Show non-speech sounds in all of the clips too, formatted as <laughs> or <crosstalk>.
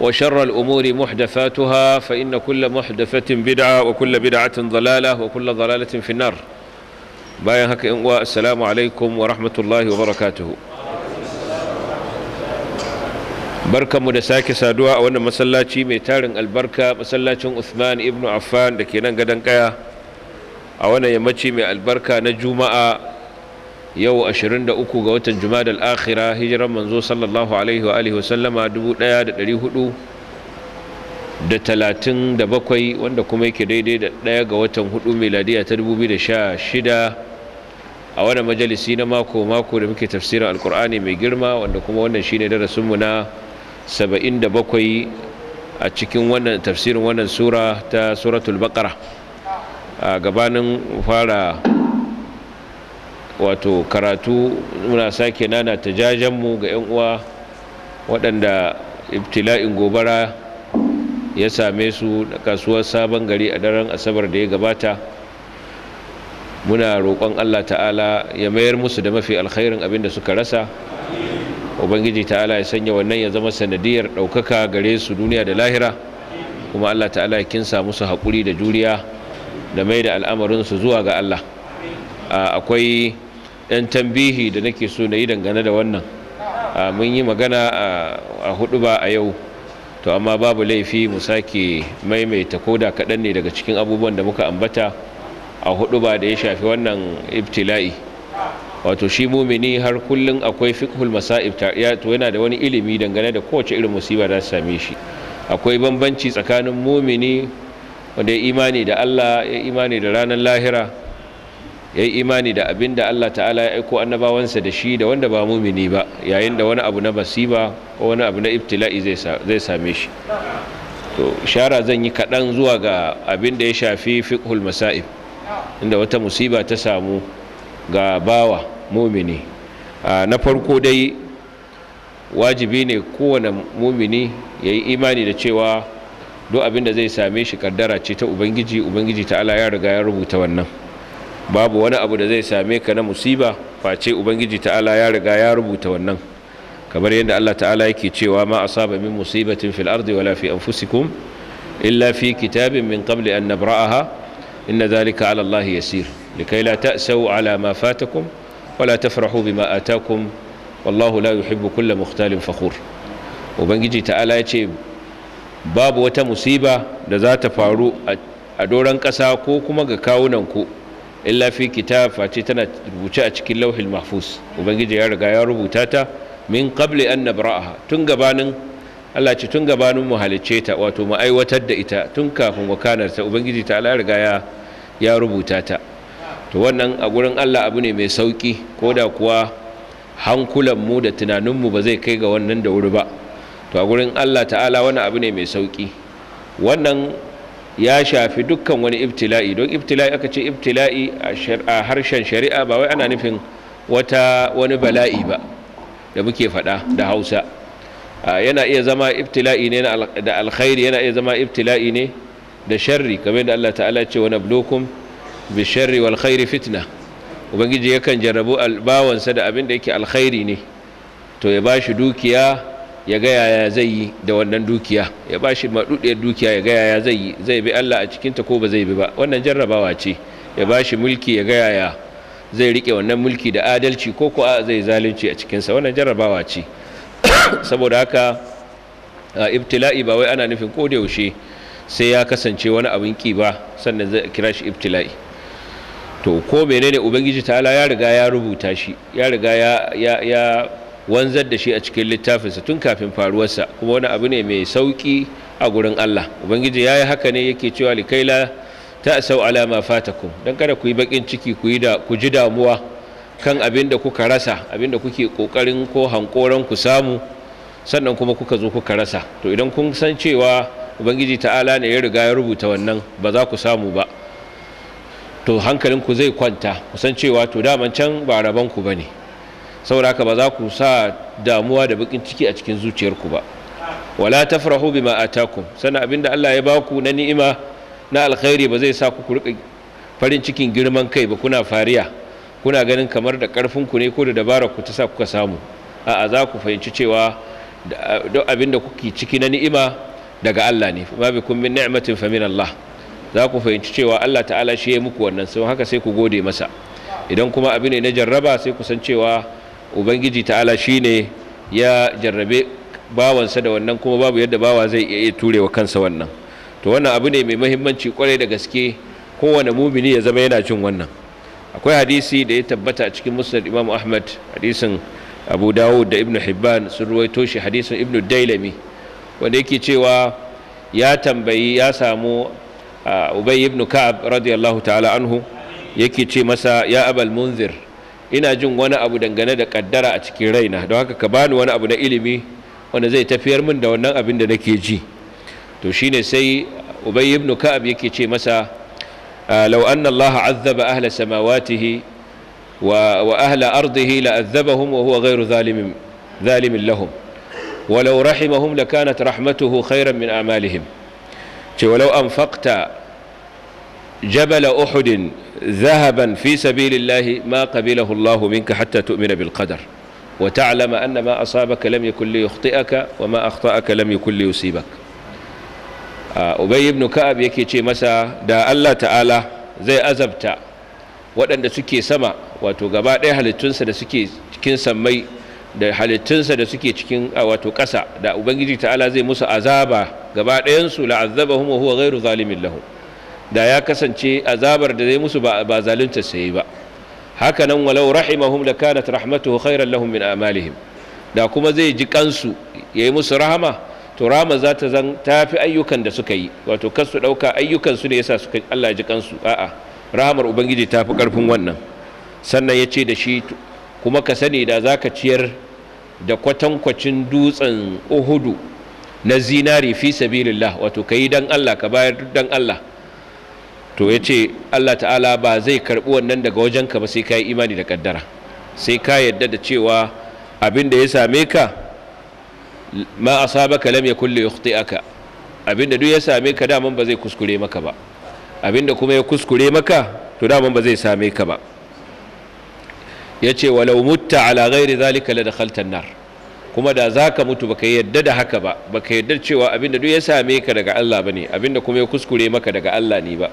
وشر الأمور محدثاتها فإن كل محدثة بدعة وكل بدعة ضلالة وكل ضلالة في النار باي هك السلام عليكم ورحمة الله وبركاته بركة مدساك سادوا وأن مسلاتي ميتارن البركة مسلاتي أثمان ابن عفان لكي ننقدن كيا أو أنا يمتي من البركة نجوم yau 23 ga watan jumadal akhira hijiran manzo sallallahu alaihi wa alihi wasallama 1437 wanda kuma yake daidai da ɗaya ga watan 4 miladiya ta 2016 a wani majalisi na mako-mako da muke tafsirin alkur'ani mai girma wanda kuma wannan shine darasinmu na 77 a cikin wannan tafsirin wannan sura ta suratul baqara a gabanin fara wato karatu muna sake nana ta mu ga 'yan uwa waɗanda ibtila'in gobara ya same su da kasuwar sabon gari a daren asabar da ya gabata muna roƙon allah ta'ala ya mayar musu da mafi alkhairin abinda suka rasa ubangiji ta'ala ya sanya wannan ya zama sanadiyar ɗaukaka gare su duniya da lahira kuma allah ta'ala ya kinsa musu haƙuri da juriya da mai da al'amarin su zuwa ga allah akwai ɗan tambihi da nake so na yi dangane da wannan mun yi magana a hudu ba a yau to amma babu laifi mu sake maimaita ko da kaɗan ne daga cikin abubuwan da muka ambata a hudu ba da ya shafi wannan ibtila'i wato shi mumini har kullum akwai fiqhul masa'ib to yana da wani ilimi dangane da kowace irin musiba da same shi akwai bambanci tsakanin mumini wanda ya imani da Allah ya imani da ranar lahira ya yi imani da abin da Allah ta'ala ya aiko annabawansa da shi da wanda ba mumini ba yayin da wani abu na masiba ko wani abu na ibtila'i zai same shi to shara zan yi kaɗan zuwa ga abin da ya shafi fiqhul masa'ib inda wata musiba ta samu ga bawa mumini na farko dai wajibi ne kowane mumini ya yi imani da cewa duk abin da zai same shi kaddara ce ta ubangiji ubangiji ta'ala ya riga ya rubuta wannan babu wani abu da zai same ka na musiba face ubangiji ta'ala ya riga ya rubuta wannan kamar yadda Allah ta'ala yake cewa ma asaba min musibatin fil ardi wala fi anfusikum illa fi kitabin min qabli an nabra'aha inna dhalika 'ala Allah yasir likay la ta'sau 'ala ma fatakum wala tafrahu bima atakum wallahu la yuhibbu kulla mukhtalin fakhur ubangiji ta'ala yace babu wata musiba da za ta faru a doran kasa ko kuma ga kawunanku ku illa fi kitab face tana rubuce a cikin lauhin mahfuz ubangiji ya riga ya rubuta ta min qabli an nabra'aha tun gabanin Allah ce tun gabanin mu halicce ta wato mu aiwatar da ita tun kafin wakanar ta ubangiji ta Allah riga ya ya rubuta ta to wannan a gurin Allah abu ne mai sauki koda kuwa hankulan mu da tunanin mu ba zai kai ga wannan da wuri ba to a gurin Allah ta'ala wani abu ne mai sauki wannan ya shafi dukkan wani ibtila'i don ibtila'i aka ce ibtila'i a harshen shari'a ba wai ana nufin wata wani bala'i ba da muke faɗa da hausa yana iya zama ibtila'i ne da alkhairi yana iya zama ibtila'i ne da sharri kamar da Allah ta'ala ce wani blokum bi sharri wal khairi fitna ubangiji yakan jarrabu albawansa da abin da yake alkhairi ne to ya ba shi dukiya ya ga yaya zai yi da wannan dukiya ya ba shi maɗuɗiyar dukiya ya ga yaya zai yi zai bi Allah a cikinta ko ba zai bi ba wannan jarrabawa ce ya ba shi mulki ya ga yaya zai riƙe wannan mulki da adalci ko ko zai zalunci a cikinsa wannan jarrabawa ce <coughs> saboda haka a ibtila'i ba wai ana nufin ko da yaushe sai ya kasance wani abin ki ba sannan zai kira shi ibtila'i to ko menene ubangiji ta'ala ya riga ya rubuta shi ya riga ya ya wanzar da shi a cikin littafinsa tun kafin faruwarsa kuma wani abu ne mai sauki a gurin Allah ubangiji yayi haka ne yake cewa likaila ta ala ma fatakum dan kada ku yi bakin ciki ku yi da ku ji damuwa kan abin da kuka rasa abin da kuke kokarin ko hankoran ku samu sannan kuma kuka zo kuka rasa to idan kun san cewa ubangiji ta'ala ne ya riga ya rubuta wannan ba za ku samu ba to hankalinku zai kwanta kusan cewa to daman can ba rabanku ba ne saboda ba za ku sa damuwa da bakin ciki a cikin zuciyarku ba wala tafrahu bima atakum sana abinda Allah ya baku na ni'ima na alkhairi ba zai sa ku ku rika farin cikin girman kai ba kuna fariya kuna ganin kamar da karfin ku ne ko da dabara ku ta sa kuka samu a'a za ku fahimci cewa duk abinda kuke ciki na ni'ima daga Allah ne bi kun min ni'matin fa min Allah za ku fahimci cewa Allah ta'ala shi ya muku wannan sai haka sai ku gode masa idan kuma abin ne na jarraba sai ku san cewa ubangiji ta'ala shi ne ya jarrabe bawansa da wannan kuma babu yadda bawa zai iya turewa kansa wannan to wannan abu ne mai mahimmanci kwarai da gaske kowane mumini ya zama yana cin wannan akwai hadisi da ya tabbata a cikin musnad imam ahmad hadisin abu dawud da ibnu hibban sun ruwaito shi hadisin ibnu dailami wanda yake cewa ya tambayi ya samu ubay ibn ka'ab radiyallahu ta'ala anhu yake ce masa ya abal munzir ina jin wani abu dangane da kaddara a cikin raina don haka ka bani wani abu na ilimi wanda zai tafiyar min da wannan abin da nake ji to shine sai ubay ibn ka'ab yake ce masa law anna allaha azzaba ahla samawatihi wa wa ahla ardihi la azzabahum wa huwa ghayru zalimin zalimin lahum wa law rahimahum lakanat rahmatuhu khayran min a'malihim ce walau anfaqta جبل أحد ذهبا في سبيل الله ما قبله الله منك حتى تؤمن بالقدر وتعلم أن ما أصابك لم يكن ليخطئك وما أخطأك لم يكن ليصيبك أبي بن كعب yake ce masa da Allah ta'ala zai azabta waɗanda suke sama wato gaba ɗaya halittunsa da suke cikin sammai da halittunsa da suke cikin wato ƙasa da ubangiji ta'ala zai musu azaba gaba ɗayansu la'azzabahum wa huwa ghairu zalimin lahum da ya kasance azabar da zai musu ba zalunta sai ba haka nan walau rahimahum da kanat rahmatuhu khairan lahum min amalihim da kuma zai ji kansu yayi musu rahama to rahama za ta zan tafi ayyukan da suka yi wato kansu dauka ayyukan su ne yasa suka Allah ji kansu a'a rahamar ubangiji ta fi karfin wannan sannan ya ce da shi kuma ka sani da zaka ciyar da kwatankwacin dutsen uhudu na zinari fi sabilillah wato kayi dan Allah ka bayar dan Allah to ya ce allah ta'ala ba zai karɓi wannan daga wajenka ba sai ka yi imani da ƙaddara sai ka yadda da cewa abin da ya same ka ma kalam lam kulle li aka abin da duk ya same ka daman ba zai kuskure maka ba abin da kuma ya kuskure maka to daman ba zai same ka ba ya ce walau mutta ala ghairi zalika la dakhaltan nar kuma da za ka mutu baka yadda da haka ba baka yadda cewa abinda duk ya same ka daga Allah bane abinda kuma ya kuskure maka daga Allah ne ba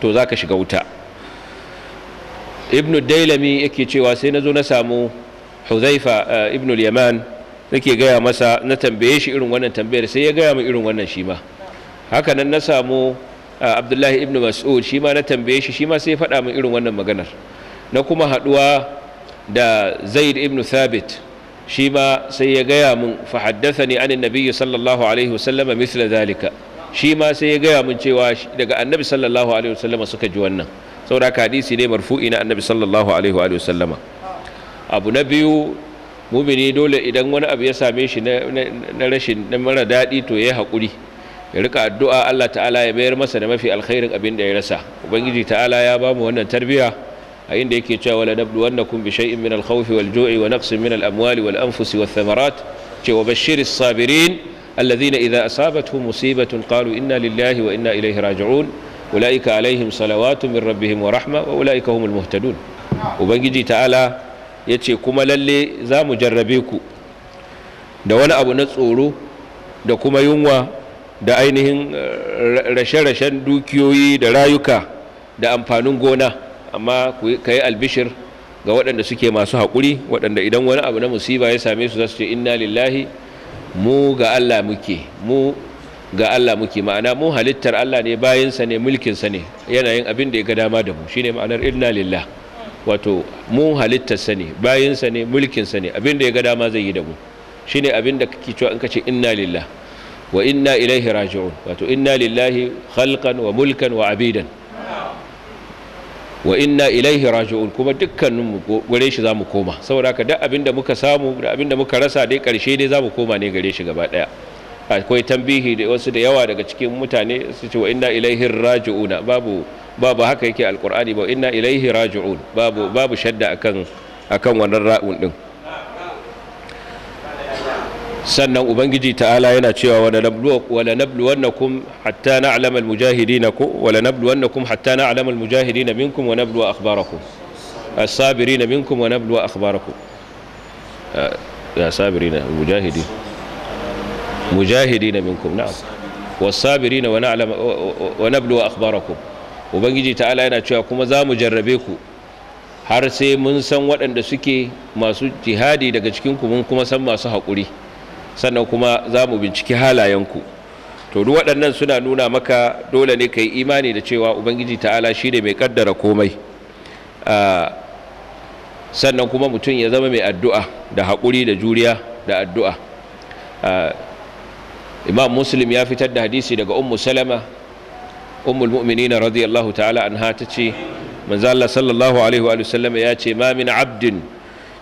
to za ka shiga wuta ibn dailami yake cewa sai na zo na samu huzaifa eh, ibn yaman nake gaya masa na tambaye shi irin wannan tambayar sai ya gaya mu irin wannan shi ma Hakanan na samu eh, abdullahi ibn mas'ud shi ma na tambaye shi shi ma sai faɗa mu irin wannan maganar na kuma haɗuwa da zaid ibn thabit shi ma sai ya gaya mun fa haddathani anin nabiyyu sallallahu alaihi wasallama mithla zalika shi ma sai ya gaya mun cewa daga annabi sallallahu alaihi wasallama suka ji wannan saboda hadisi ne marfu'i na annabi sallallahu alaihi wa sallama abu na biyu mumini dole idan wani abu ya same shi na rashin na mara daɗi to ya yi haƙuri ya rika addu'a Allah ta'ala ya bayar masa da mafi alkhairin abin da ya rasa ubangiji ta'ala ya ba mu wannan tarbiya a inda yake cewa wala nabdu wannakum bi shay'in min al-khawfi wal-ju'i wa naqsin min al-amwali wal-anfusi wath-thamarat cewa bashiris sabirin الذين إذا أصابتهم مصيبة قالوا إنا لله وإنا إليه راجعون أولئك عليهم صلوات من ربهم ورحمة وأولئك هم المهتدون وبنجي تعالى yace kuma lalle za mu jarrabe ku da wani abu na tsoro da kuma yunwa da ainihin rashe-rashen dukiyoyi da rayuka da amfanin gona amma ka yi albishir ga waɗanda suke masu haƙuri waɗanda idan wani abu na musiba ya same su za su ce inna lillahi mu ga Allah muke mu ga Allah muke ma'ana mu halittar Allah ne bayansa ne mulkinsa ne yana yin abin da ya ga dama da mu shine ma'anar inna lillah wato mu halittarsa ne bayansa ne mulkinsa ne abin da ya ga dama zai yi da mu shine abin da kake cewa in ka ce inna lillah wa inna ilaihi raji'un wato inna lillahi khalqan wa mulkan wa abidan wa inna ilaihi raji'un kuma mu gare shi zamu koma saboda haka duk abinda da muka samu da abinda muka rasa dai karshe dai zamu koma ne gare shi gaba daya akwai tambihi da wasu da yawa daga cikin mutane su ce wa inna ilaihi raji'una babu babu haka yake alqur'ani ba inna ilaihi raji'un babu babu shadda akan akan wannan ra'un din sannan ubangiji ta'ala yana cewa wala nabluwannakum hatta na'lama ku hatta na'lama almujahidin minkum wa nabluwa akhbarakum as-sabirin minkum wa nabluwa akhbarakum uh, ya sabirin minkum na'am was wa na'lama wa nabluwa akhbarakum ubangiji ta'ala yana cewa kuma za mu jarrabe ku har sai mun san waɗanda suke masu jihadi daga cikin ku mun kuma san masu haƙuri sannan kuma za mu binciki halayenku to duk waɗannan suna nuna maka dole ne ka yi imani da cewa ubangiji ta'ala shi ne mai ƙaddara komai sannan kuma mutum ya zama mai addu'a da haƙuri da juriya da addu'a imam muslim ya fitar da hadisi daga ummu salama ummul mu'minina radiyallahu ta'ala anha hata ce manzo Allah sallallahu alaihi wa sallam ya ce ma min abdin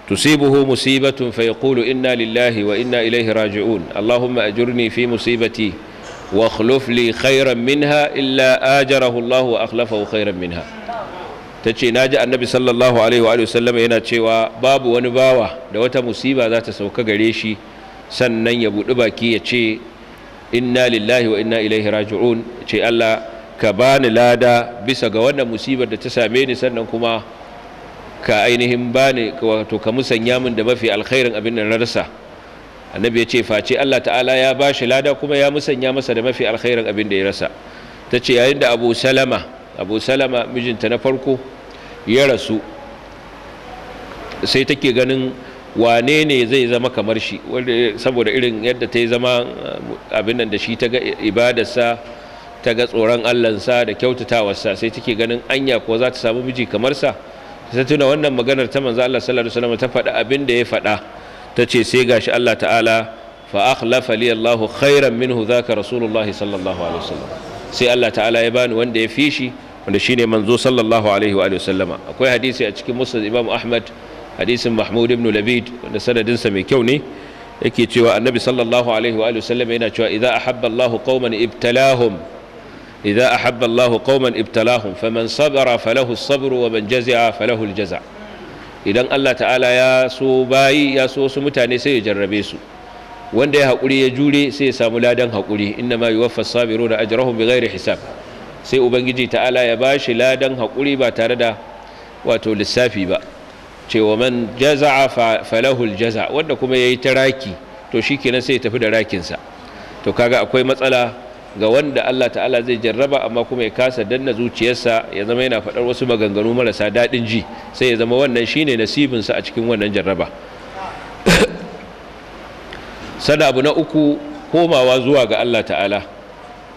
tusibuhu musibatun fa yaqulu inna lillahi wa inna ilaihi raji'un allahumma ajurni fi musibati wa akhluf li minha illa ajarahu wa akhlafahu khairan minha tace ji annabi sallallahu alaihi wa sallam yana cewa babu wani bawa da wata musiba za ta sauka gare shi sannan ya buɗi baki ya ce inna lillahi wa inna ilaihi raji'un ce Allah ka bani lada bisa ga wannan musibar da ta same ni sannan kuma ka ainihin ba ne wato ka musanya min da mafi alkhairin abin da na rasa annabi ya ce face Allah ta'ala ya ba shi lada kuma ya musanya masa da mafi alkhairin abin da ya rasa ta ce yayin da abu salama abu salama mijinta na farko ya rasu sai take ganin wane ne zai zama kamar shi saboda irin yadda ta yi zama abin nan da shi ta ga ibadarsa ta ga tsoron allansa da kyautatawarsa sai take ganin anya ko za ta samu miji kamar sa ta tuna wannan maganar ta manzo Allah sallallahu alaihi wasallam ta faɗa abin da ya faɗa ta ce sai gashi Allah ta'ala fa akhlafa li Allahu khairan minhu zaka rasulullahi sallallahu alaihi wasallam sai Allah ta'ala ya bani wanda ya fi shi wanda shine manzo sallallahu alaihi wa sallama akwai hadisi a cikin musnad Imam Ahmad hadisin Mahmud ibn Labid wanda sa mai kyau ne yake cewa annabi sallallahu alaihi wa sallama yana cewa idza ahabba Allahu qauman ibtalahum idza ahabba Allahu qauman ibtalahum idan Allah ta'ala ya so bayi ya mutane sai ya jarrabe su wanda ya hakuri ya jure sai ya samu ladan haƙuri inna ma yuwaffa as-sabiruna ajrahum bighairi hisab sai ubangiji ta'ala ya bashi ladan haƙuri ba tare da wato lissafi ba cewa man jaza'a falahu al-jaza' wanda kuma yayi to sai ya tafi da rakinsa to kaga akwai matsala ga wanda Allah ta'ala zai jarraba amma kuma ya kasa danna zuciyarsa ya zama yana faɗar wasu maganganu marasa daɗin ji sai ya zama wannan shine nasibinsa a cikin wannan jarraba <coughs> Sada abu na uku komawa zuwa ga Allah ta'ala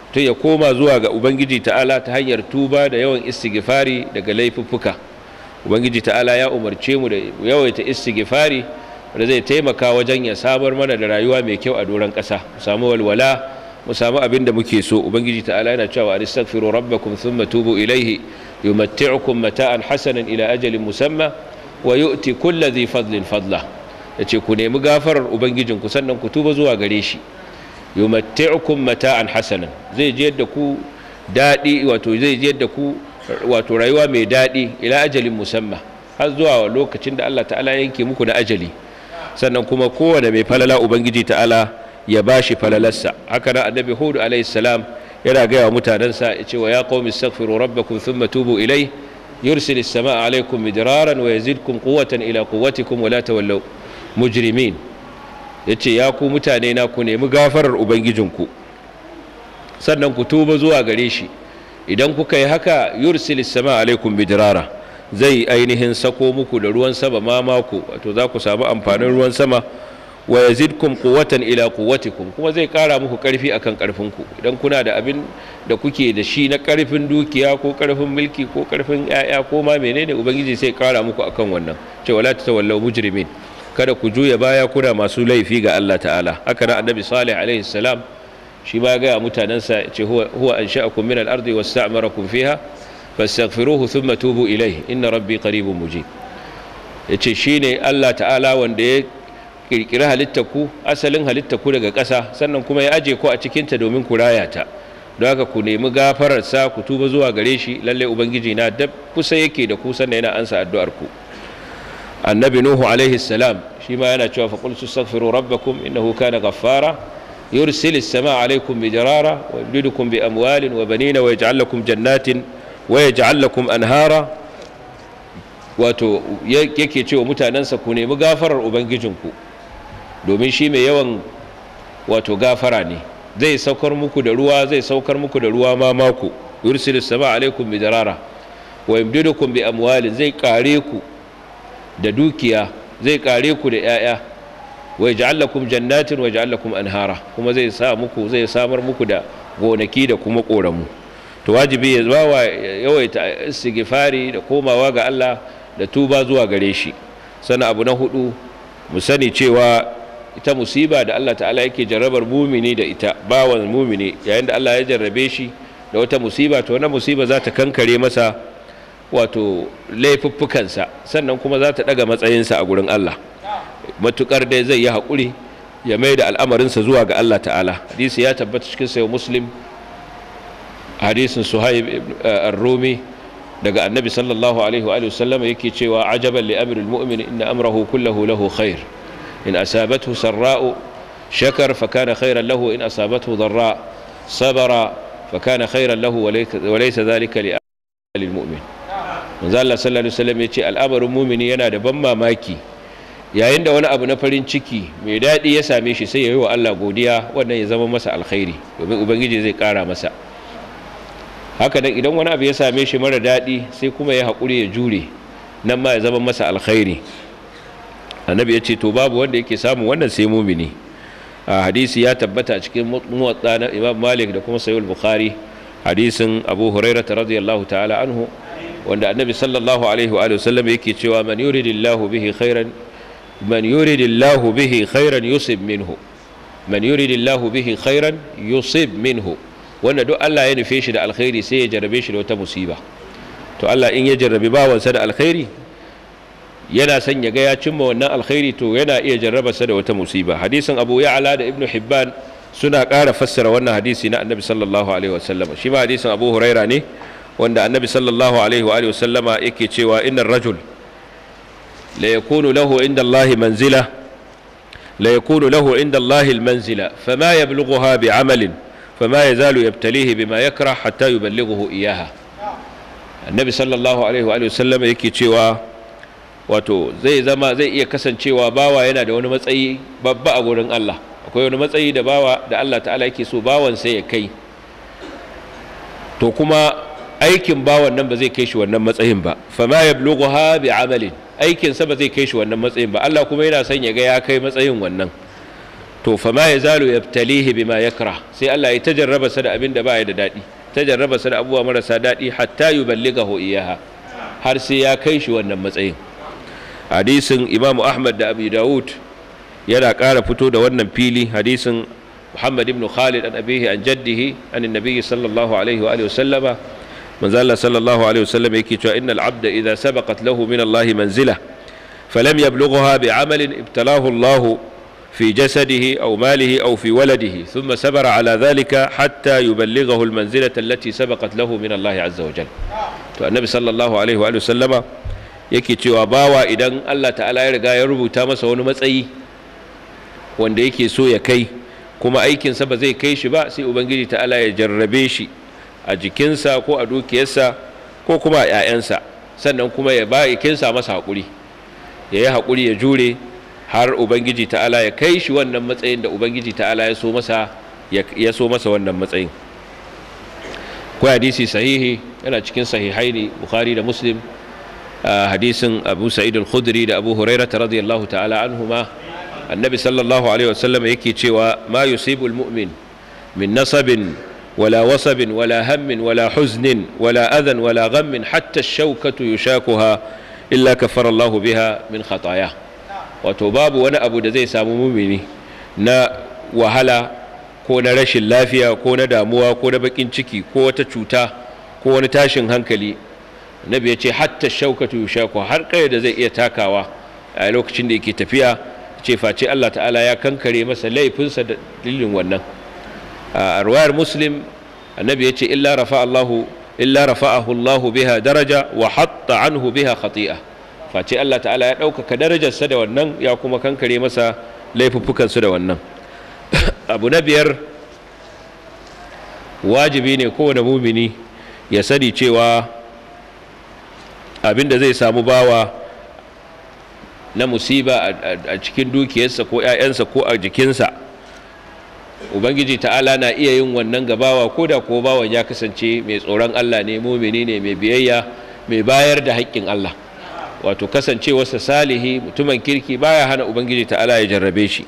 to ya koma zuwa ga ubangiji ta'ala ta hanyar tuba da yawan istighfari daga laifuffuka ubangiji ta'ala ya umarce mu da yawaita istighfari da zai taimaka wajen ya sabar mana da rayuwa mai kyau a doron ƙasa mu samu walwala mu samu abin da muke so ubangiji ta'ala yana cewa astaghfiru rabbakum thumma tubu ilayhi yumatti'ukum mata'an hasanan ila ajalin musamma wa yu'ti kulli dhi fadlin fadla yace ku nemi gafarar ubangijin ku sannan ku tuba zuwa gare shi yumatti'ukum mata'an hasanan zai je da ku dadi wato zai je da ku wato rayuwa mai dadi ila ajalin musamma har zuwa lokacin da Allah ta'ala yanke muku da ajali sannan kuma kowane mai falala ubangiji ta'ala ya ba shi falalarsa haka nan annabi hudu alaihi salam yana gaya wa mutanensa ya ce wa ya qaumi astaghfiru rabbakum thumma tubu ilai yursil samaa alaikum midraran wa yazidkum quwwatan ila quwwatikum wa la tawallaw mujrimin yace ya ku mutane na ku nemi gafarar ubangijinku sannan ku tuba zuwa gare shi idan kuka yi haka yursil samaa alaikum midrara zai ainihin sako muku da ruwan sama mamaku, wato za ku samu amfanin ruwan sama wa yazidkum quwwatan ila quwwatikum kuma zai kara muku karfi akan karfin ku idan kuna da abin da kuke da shi na karfin dukiya ko karfin mulki ko karfin yaya ko ma menene ubangiji sai kara muku akan wannan ce wala tatawallaw mujrimin kada ku juya baya kuna masu laifi ga Allah ta'ala haka na annabi salih alaihi salam shi ba ga mutanansa ce huwa huwa ansha'akum min al-ardi wasta'marakum fiha fastaghfiruhu thumma tubu ilayhi inna rabbi qaribun mujib yace shine Allah ta'ala wanda ya kirkiri halitta ku asalin halitta ku daga ƙasa sannan kuma ya aje ku a cikinta domin ku raya ta don haka ku nemi gafararsa ku tuba zuwa gare shi lallai ubangiji na da kusa yake da ku sannan yana ansa addu'ar ku annabi nuhu alaihi salam shi ma yana cewa faqul tastaghfiru rabbakum innahu kana ghaffara yursil as-samaa alaykum bijrara wa yumdidukum bi amwalin wa banina wa yaj'al lakum jannatin wa yaj'al lakum anhara wato yake cewa mutanansa ku nemi gafarar ubangijinku domin shi mai yawan wato gafara ne zai saukar muku da ruwa zai saukar muku da ruwa ma mako yursilu sama alaikum darara wa yamdidukum bi amwalin zai kare ku da dukiya zai kare ku da yaya wa yaj'al lakum jannatin wa yaj'al lakum anhara kuma zai sa muku zai samar muku da gonaki da kuma koramu to wajibi ya bawa yawaita istighfari da komawa ga Allah da tuba zuwa gare shi sannan abu na hudu mu sani cewa ita musiba da Allah ta'ala yake jarrabar mumini da ita bawan mumini yayin da Allah ya jarrabe shi da wata musiba to wannan musiba za ta kankare masa wato laifuffukansa sannan kuma za ta daga matsayinsa a gurin Allah matukar dai zai yi hakuri ya mai da al'amarinsa zuwa ga Allah ta'ala hadisi ya tabbata cikin sayo muslim hadisin suhaib eh, ar-rumi daga annabi sallallahu alaihi wa sallam yake cewa ajaban li amril mu'min inna amrahu kullahu lahu khair إن أسابته سراء شكر فكان خيرا له إن أصابته ضراء صبر فكان خيرا له وليس ذلك لأهل المؤمن manzo Allah sallallahu alaihi wasallam yace al'amarin mumini yana da ban mamaki yayin da wani abu na farin ciki mai daɗi ya same shi sai ya yi wa Allah godiya wannan ya zama masa alkhairi domin ubangiji zai ƙara masa haka nan idan wani abu ya same shi mara daɗi sai kuma ya haƙuri ya jure nan ma ya zama masa alkhairi annabi ya ce to babu wanda yake samun wannan sai mumini a hadisi ya tabbata a cikin muwatta na imam malik da kuma sayul bukhari hadisin abu hurairah radiyallahu ta'ala anhu wanda annabi sallallahu alaihi wa sallam yake cewa man yuridillahu bihi khairan man yuridillahu bihi khairan yusib minhu man yuridillahu bihi khairan yusib minhu wanda duk Allah ya nufe shi da alkhairi sai ya jarrabe shi da wata musiba to Allah in ya jarrabi bawansa da alkhairi yana son ya ga ya cimma wannan alkhairi to yana iya jarrabarsa da wata musiba hadisin abu ya'ala da ibnu hibban suna ƙara fassara wannan hadisi na annabi sallallahu alaihi wasallam shi ma hadisin abu huraira ne wanda annabi sallallahu alaihi wa wasallama yake cewa innar rajul la yakunu lahu inda allahi manzila la yakunu lahu inda allahi almanzila fama yablughuha bi'amalin fama yazalu yabtalihi bima yakrah hatta yuballighuhu iyaha annabi sallallahu alaihi wa wasallama yake cewa wato zai zama zai iya kasancewa bawa yana da wani matsayi babba a gurin Allah akwai wani matsayi da bawa da Allah ta'ala yake so bawan sai ya kai to kuma aikin bawan nan ba zai kai shi wannan matsayin ba fa fama yablughuha bi amalin aikin sa ba zai kai shi wannan matsayin ba Allah kuma yana son ya ga ya kai matsayin wannan to fa ma yazalu yabtalihi bima yakra sai Allah ya tajarraba sa da abin da ba ya da dadi tajarraba sa da abubuwa marasa dadi hatta yuballighahu iyaha har sai ya kai shi wannan matsayin حديث إمام أحمد دا أبي داود يلا قال فتود ونم بيلي حديث محمد بن خالد عن أبيه عن جده عن النبي صلى الله عليه وآله وسلم من زال صلى الله عليه وسلم يكيتوا إن العبد إذا سبقت له من الله منزلة فلم يبلغها بعمل ابتلاه الله في جسده أو ماله أو في ولده ثم سبر على ذلك حتى يبلغه المنزلة التي سبقت له من الله عز وجل النبي صلى الله عليه وآله وسلم yake cewa bawa idan Allah ta'ala ya riga ya rubuta masa wani matsayi wanda yake so ya kai kuma aikinsa ba zai kai shi ba sai ubangiji ta'ala ya jarrabe shi a jikinsa ko a dukiyarsa ko kuma a 'ya'yansa sannan kuma ya ba kinsa masa haƙuri ya yi haƙuri ya jure har ubangiji ta'ala ya kai shi wannan matsayin da ubangiji ta'ala ya so masa ya so masa wannan matsayin ko hadisi sahihi yana cikin sahihai ne bukhari da muslim آه، حديث أبو سعيد الخدري لأبو هريرة رضي الله تعالى عنهما النبي صلى الله عليه وسلم يكي تشوى ما يصيب المؤمن من نصب ولا وصب ولا هم ولا حزن ولا أذى ولا غم حتى الشوكة يشاكها إلا كفر الله بها من خطاياه وتباب وانا أبو دزي سامو مؤمني نا وهلا كون رش اللافية كون داموا كون بكين تشكي كون تشوتا كون تاشن هنكلي nabi ya ce hatta shaukatu yushaku har kai da zai iya takawa a lokacin da yake tafiya ce face Allah ta'ala ya kankare masa laifinsa da dillin wannan a ruwayar muslim annabi ya ce illa rafa Allahu illa rafa'ahu Allahu biha daraja wa hatta anhu biha khati'a face Allah ta'ala ya ɗaukaka darajarsa da wannan ya kuma kankare masa laifuffukansu da wannan <coughs> abu na biyar wajibi ne kowane mumini ya sani cewa abin da zai samu bawa na musiba a cikin dukiyarsa ko 'ya'yansa ko a jikinsa ubangiji ta'ala na iya yin wannan gabawa ko da ko bawan ya kasance mai tsoron allah ne mumini ne mai biyayya mai bayar da haƙƙin allah wato kasancewarsa salihi mutumin kirki baya hana ubangiji ta'ala ya jarrabe shi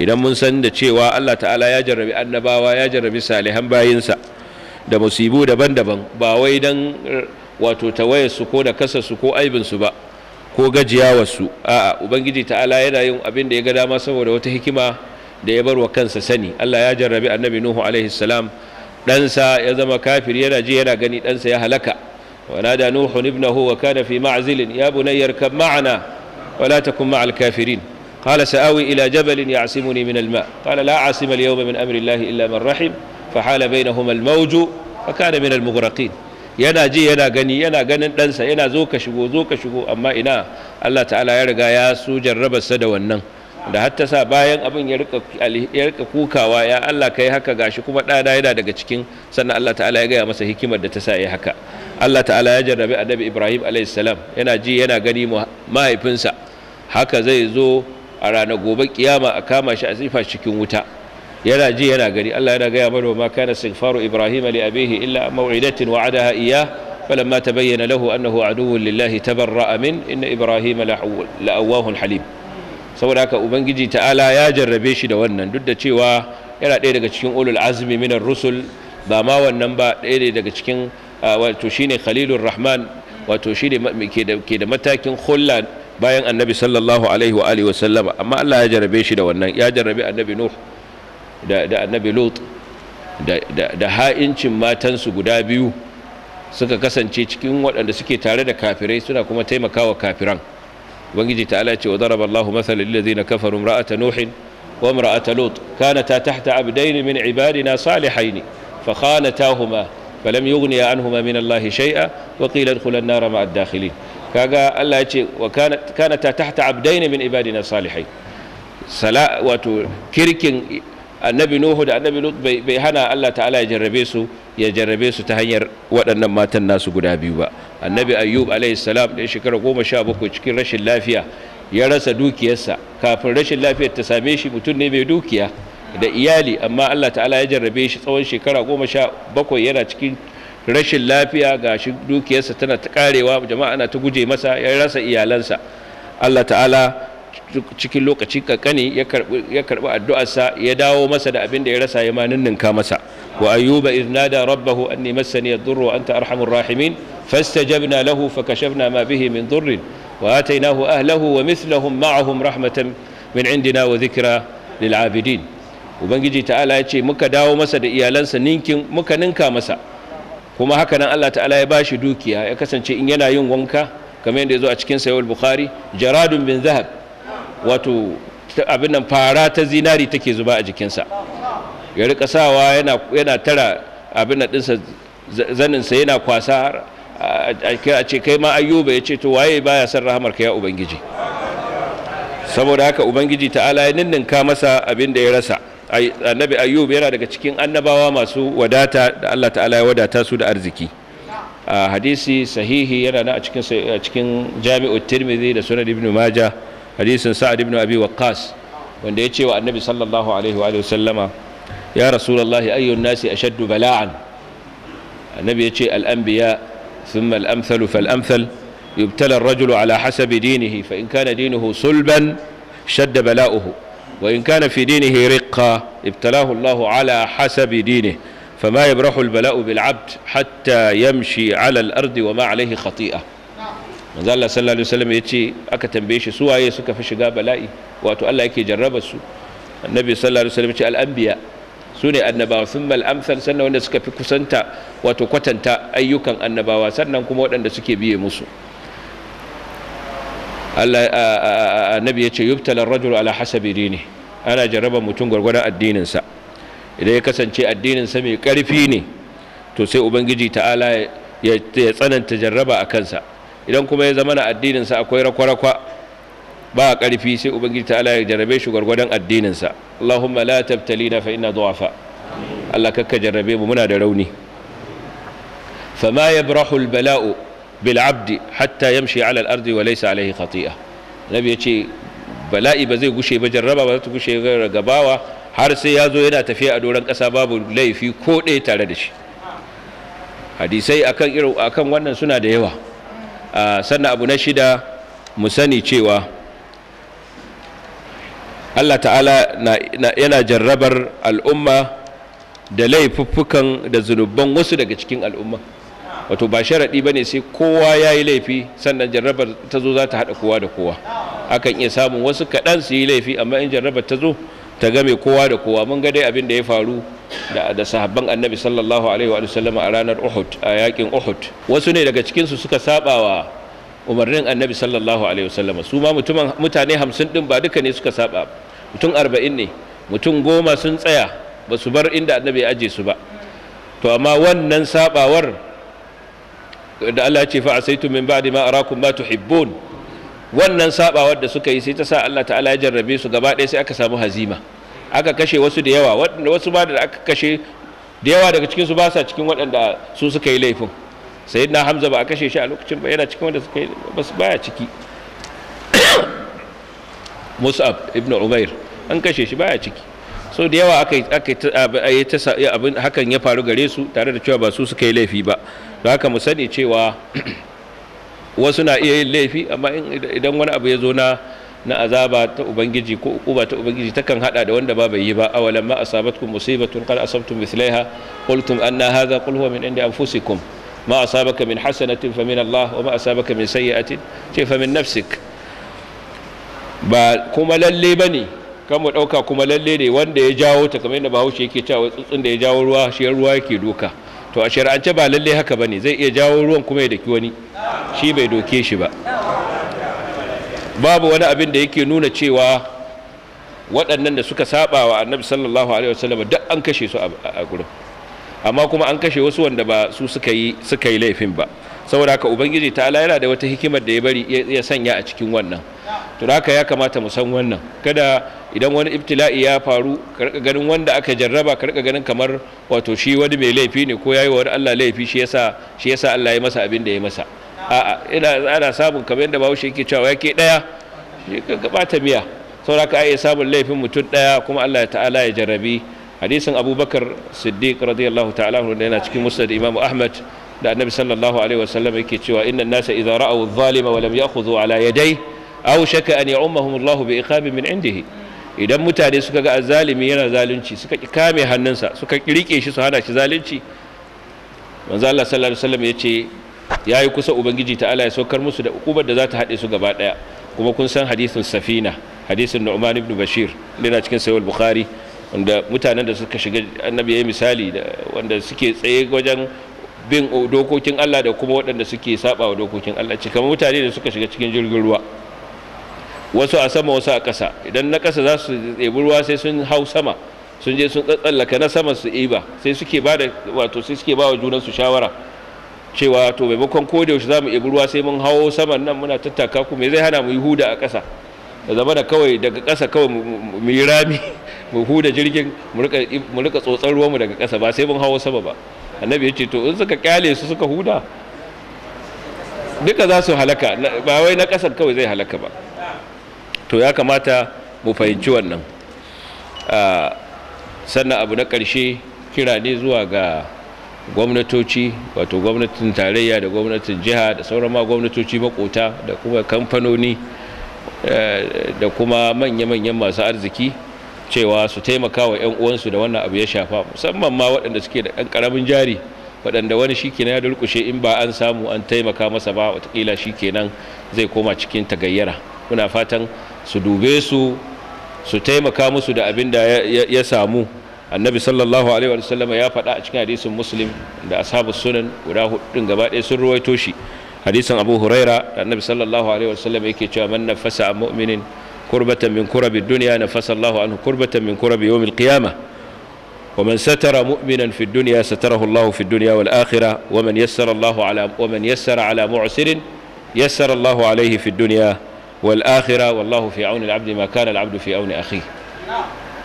idan mun san da cewa allah ta'ala ya jarrabi annabawa ya jarrabi salihan bayinsa da musibu daban-daban ba wai don wato tawayarsu ko nakasarsu ko aibinsu ba ko gajiyawarsu a'a ubangiji ta'ala yana yin abin da ya ga dama saboda wata hikima da ya bar wa kansa sani Allah ya jarrabi annabi nuhu alaihi salam ɗansa ya zama kafir yana ji yana gani ɗansa ya halaka ونادى نوح ابنه وكان في معزل يا بني اركب معنا ولا تكن مع الكافرين قال سآوي إلى جبل يعصمني من الماء قال لا عاصم اليوم من أمر الله إلا من رحم فحال بينهما الموج فكان من المغرقين yana ji yana gani yana ganin ɗansa yana zo ka shigo zo ka shigo amma ina Allah ta'ala ya riga ya so jarrabarsa da wannan da hatta sa bayan abin ya rika kukawa ya Allah ka yi haka ga shi kuma ɗana yana daga cikin sannan Allah ta'ala ya gaya masa hikimar da ta sa ya haka Allah ta'ala ya jarrabi annabi Ibrahim alaihissalam yana ji yana gani mahaifinsa haka zai zo a ranar gobe kiyama a kama shi a tsifa cikin wuta yana ji yana gani Allah yana gaya mana ma kana istighfaru ibrahima li abihi illa maw'idatin wa'adaha ma ta bayyana lahu annahu aduwwun lillahi tabarra'a min inna ibrahima la'awwahun halim saboda haka ubangiji ta'ala ya jarrabe shi da wannan duk da cewa yana ɗaya daga cikin ulul azmi minar rusul ba ma wannan ba ɗaya daga cikin wato shine khalilur rahman wato shine ke da matakin khulla bayan annabi sallallahu alaihi wa alihi wa sallama amma Allah ya jarrabe shi da wannan ya jarrabe annabi nuh da annabi lot da ha'incin matansu guda biyu suka kasance cikin waɗanda suke tare da kafirai suna kuma taimakawa kafiran ubangiji ta'ala ce wa daraba Allahu mathalan lil ladzina kafaru imra'ata nuhin wa imra'ata lut ta tahta abdayn min ibadina salihayn fa khanatahuma falam yughniya anhuma min Allahi shay'a wa qila idkhula an-nara ma'a ad-dakhilin kaga Allah ya ce wa kana ta tahta abdayn min ibadina salihayn sala wato kirkin annabi nuhu da annabi lut bai hana Allah ta'ala ya jarrabe su ya jarrabe su ta hanyar waɗannan matan nasu guda biyu ba annabi ayyub alayhi salam ɗan shekara goma sha bakwai cikin rashin lafiya ya rasa dukiyarsa kafin rashin lafiyar ta same shi mutum ne mai dukiya da iyali amma Allah ta'ala ya jarrabe shi tsawon shekara goma sha bakwai yana cikin rashin lafiya ga shi dukiyarsa tana ta karewa jama'a na ta guje masa ya rasa iyalansa Allah ta'ala cikin lokaci kakani ya karbi sa ya dawo masa da abin da ya rasa ya ma ninninka masa wa ayyuba idh nada rabbahu anni massani ad wa anta arhamur rahimin fastajabna lahu fakashafna ma bihi min durrin wa atainahu ahlahu wa mithlahum ma'ahum rahmatan min indina wa dhikra lil 'abidin ubangiji ta'ala yace muka dawo masa da iyalansa ninkin muka ninka masa kuma haka nan Allah ta'ala ya bashi dukiya ya kasance in yana yin wanka kamar yadda ya zo a cikin sayyid bukhari jaradun bin zahab wato abin fara ta zinari take zuba a jikinsa ya rika sawa yana tara abin dinsa zaninsa yana kwasa a ce kai ma ayyuba ya ce to waye baya son rahamar ka ya ubangiji saboda haka ubangiji ta'ala ya ninninka masa abin da ya rasa annabi ayyub yana daga cikin annabawa masu wadata da Allah ta'ala ya wadata su da arziki a hadisi sahihi yana na a cikin jami'ul tirmidhi da sunan ibn majah حديث سعد بن أبي وقاس وان يتشي النبي صلى الله عليه وآله وسلم يا رسول الله أي الناس أشد بلاعا النبي يتشي الأنبياء ثم الأمثل فالأمثل يبتلى الرجل على حسب دينه فإن كان دينه صلبا شد بلاؤه وإن كان في دينه رقة ابتلاه الله على حسب دينه فما يبرح البلاء بالعبد حتى يمشي على الأرض وما عليه خطيئة manzo Allah sallallahu alaihi wasallam yace aka tambaye shi su waye suka fi shiga bala'i wato Allah yake jarraba su annabi sallallahu alaihi wasallam yace al-anbiya sune annabawa thumma al-amsal sannan wanda suka fi kusanta wato kwatanta ayyukan annabawa sannan kuma waɗanda suke biye musu Allah annabi yace yubtala ar-rajulu ala hasabi dini ana jarraba mutum gwargwadon addinin sa idan ya kasance addinin sa mai karfi ne to sai ubangiji ta'ala ya tsananta jarraba a kansa idan kuma ya zama na addininsa akwai rakwa-rakwa a ƙarfi sai ubangiji ta ya jarrabe shi gwargwadon addininsa allahumma la tabtali na fa zuwa fa. allah kakka jarrabe mu muna da rauni fama yabrahu albala'u bil abdi hatta yamshi ala al wa laisa alayhi khati'a nabi ce bala'i ba zai gushe ba jarraba ba za ta gushe ga gabawa har sai ya zo yana tafiya a doron ƙasa babu laifi ko ɗaya tare da shi hadisai akan akan wannan suna da yawa sannan abu na shida mu sani cewa Allah ta'ala yana jarrabar al'umma da laifuffukan da zunubban wasu daga cikin al'umma wato ba sharaɗi ba ne sai kowa ya yi laifi sannan jarrabar ta zo za ta haɗa kowa da kowa akan iya samun wasu kaɗan su yi laifi amma in jarrabar ta zo ta game kowa da kowa mun ga dai abin da ya faru da sahabban annabi sallallahu alaihi wa sallam a ranar uhud a yakin uhud wasu ne daga cikinsu suka sabawa umarnin annabi sallallahu alaihi wa sallam su ma mutane hamsin din ba duka ne suka saba mutum arba'in ne mutum goma sun tsaya ba su bar inda annabi ya aje su ba to amma wannan sabawar da Allah ya ce fa asaitu min ba'di ma arakum ma tuhibbun wannan sabawar da suka yi sai ta sa Allah ta'ala ya jarrabe su gaba ɗaya sai aka samu hazima aka kashe wasu da yawa wasu ba da aka kashe da yawa daga cikin su ba sa cikin waɗanda su suka yi laifin Sai na hamza ba a kashe shi a lokacin ba yana cikin wanda suka yi baya ciki <coughs> mus'ab ibn umair an kashe shi baya ciki so da yawa aka yi abin hakan ya faru gare su tare da cewa ba su suka yi laifi ba don haka mu sani cewa <coughs> wasu na iya yin laifi amma idan wani abu ya zo na na azaba ta ubangiji ko uba ta ubangiji takan hada da wanda ba bai yi ba awalan ma asabatkum musibatun qad asabtum mithlaiha qultum anna hadha qul huwa min indi anfusikum ma asabaka min hasanatin fa min Allah wa ma asabaka min sayyi'atin ce fa min nafsik ba kuma lalle bane kan mu dauka kuma lalle ne wanda ya jawo ta kamar yadda Bahaushe yake cewa tsuntsun da ya jawo ruwa shi ruwa yake doka to a shar'ance ba lalle haka bane zai iya jawo ruwan kuma ya daki wani shi bai doke shi ba babu wani abin da yake nuna cewa waɗannan da suka saba wa annabi sallallahu alaihi wasallam duk an kashe su a gurin amma kuma an kashe wasu wanda ba su suka yi suka yi laifin ba saboda haka ubangiji ta ala yana da wata hikimar da ya bari ya sanya a cikin wannan to haka ya kamata mu san wannan kada idan wani ibtila'i ya faru karka ganin wanda aka jarraba karka ganin kamar wato shi wani mai laifi ne ko yayi wa Allah laifi shi yasa shi yasa Allah ya masa abin da ya masa a'a ina ana samun kamar yadda bahaushe yake cewa yake daya shi ka gabata miya saboda ka ai samun laifin mutum daya kuma Allah ya ta'ala ya jarabi hadisin abubakar siddiq radiyallahu ta'ala da yana cikin musnad imam ahmad da annabi sallallahu alaihi wasallam yake cewa innan nasa idza ra'aw adh-dhalima wa lam ya'khudhu ala yaday aw shaka an ya'ummahum Allah bi iqabin min indihi idan mutane suka ga azzalimi yana zalunci suka ki kame hannunsa suka rike shi su hana shi zalunci manzo Allah sallallahu alaihi wasallam yace ya yi kusa ubangiji ta'ala ya saukar musu da ukubar da za ta haɗe su gaba ɗaya kuma kun san hadisin safina hadisin nu'man ibn bashir yana cikin sahih bukhari wanda mutanen da suka shiga annabi ya misali misali wanda suke tsaye wajen bin dokokin Allah da kuma waɗanda suke saba wa dokokin Allah ce kamar mutane da suka shiga cikin jirgin ruwa wasu a sama wasu a ƙasa idan na ƙasa za su ɗebi ruwa sai sun hau sama sun je sun tsallaka na sama su iba sai suke ba da wato sai suke ba wa junan su shawara cewa to maimakon ko da yaushe za mu iya ruwa sai mun hawo saman nan muna tattaka ku me zai hana mu yi huda a ƙasa da zama da kawai daga ƙasa kawai mu yi rami <laughs> mu huda jirgin mu rika tsotsar mu daga ƙasa ba sai mun hawo sama ba annabi ya ce to in suka kyale su suka huda duka za su halaka ba wai na ƙasar kawai zai halaka ba to ya kamata mu fahimci wannan ah, sannan abu na ƙarshe kira ne zuwa ga gwamnatoci wato gwamnatin tarayya da gwamnatin jiha da sauran ma gwamnatoci makota da kuma kamfanoni eh, da kuma manya-manyan masu arziki cewa su taimaka wa 'yan uwansu da wannan abu ya shafa musamman ma waɗanda suke da ɗan ƙaramin jari waɗanda wani shi kenan ya durƙushe in ba an samu an taimaka masa ba watakila shi kenan zai koma cikin tagayyara muna fatan su dube su su taimaka musu da abin da ya samu النبي صلى الله عليه وسلم يا فتاة حديث مسلم عند أصحاب السنن وراه تنقى بعد يسر رواي توشي حديث أبو هريرة النبي صلى الله عليه وسلم يكي جاء من نفس مؤمن كربة من كرب الدنيا نفس الله عنه كربة من كرب يوم القيامة ومن ستر مؤمنا في الدنيا ستره الله في الدنيا والآخرة ومن يسر الله على ومن يسر على معسر يسر الله عليه في الدنيا والآخرة والله في عون العبد ما كان العبد في عون أخيه نعم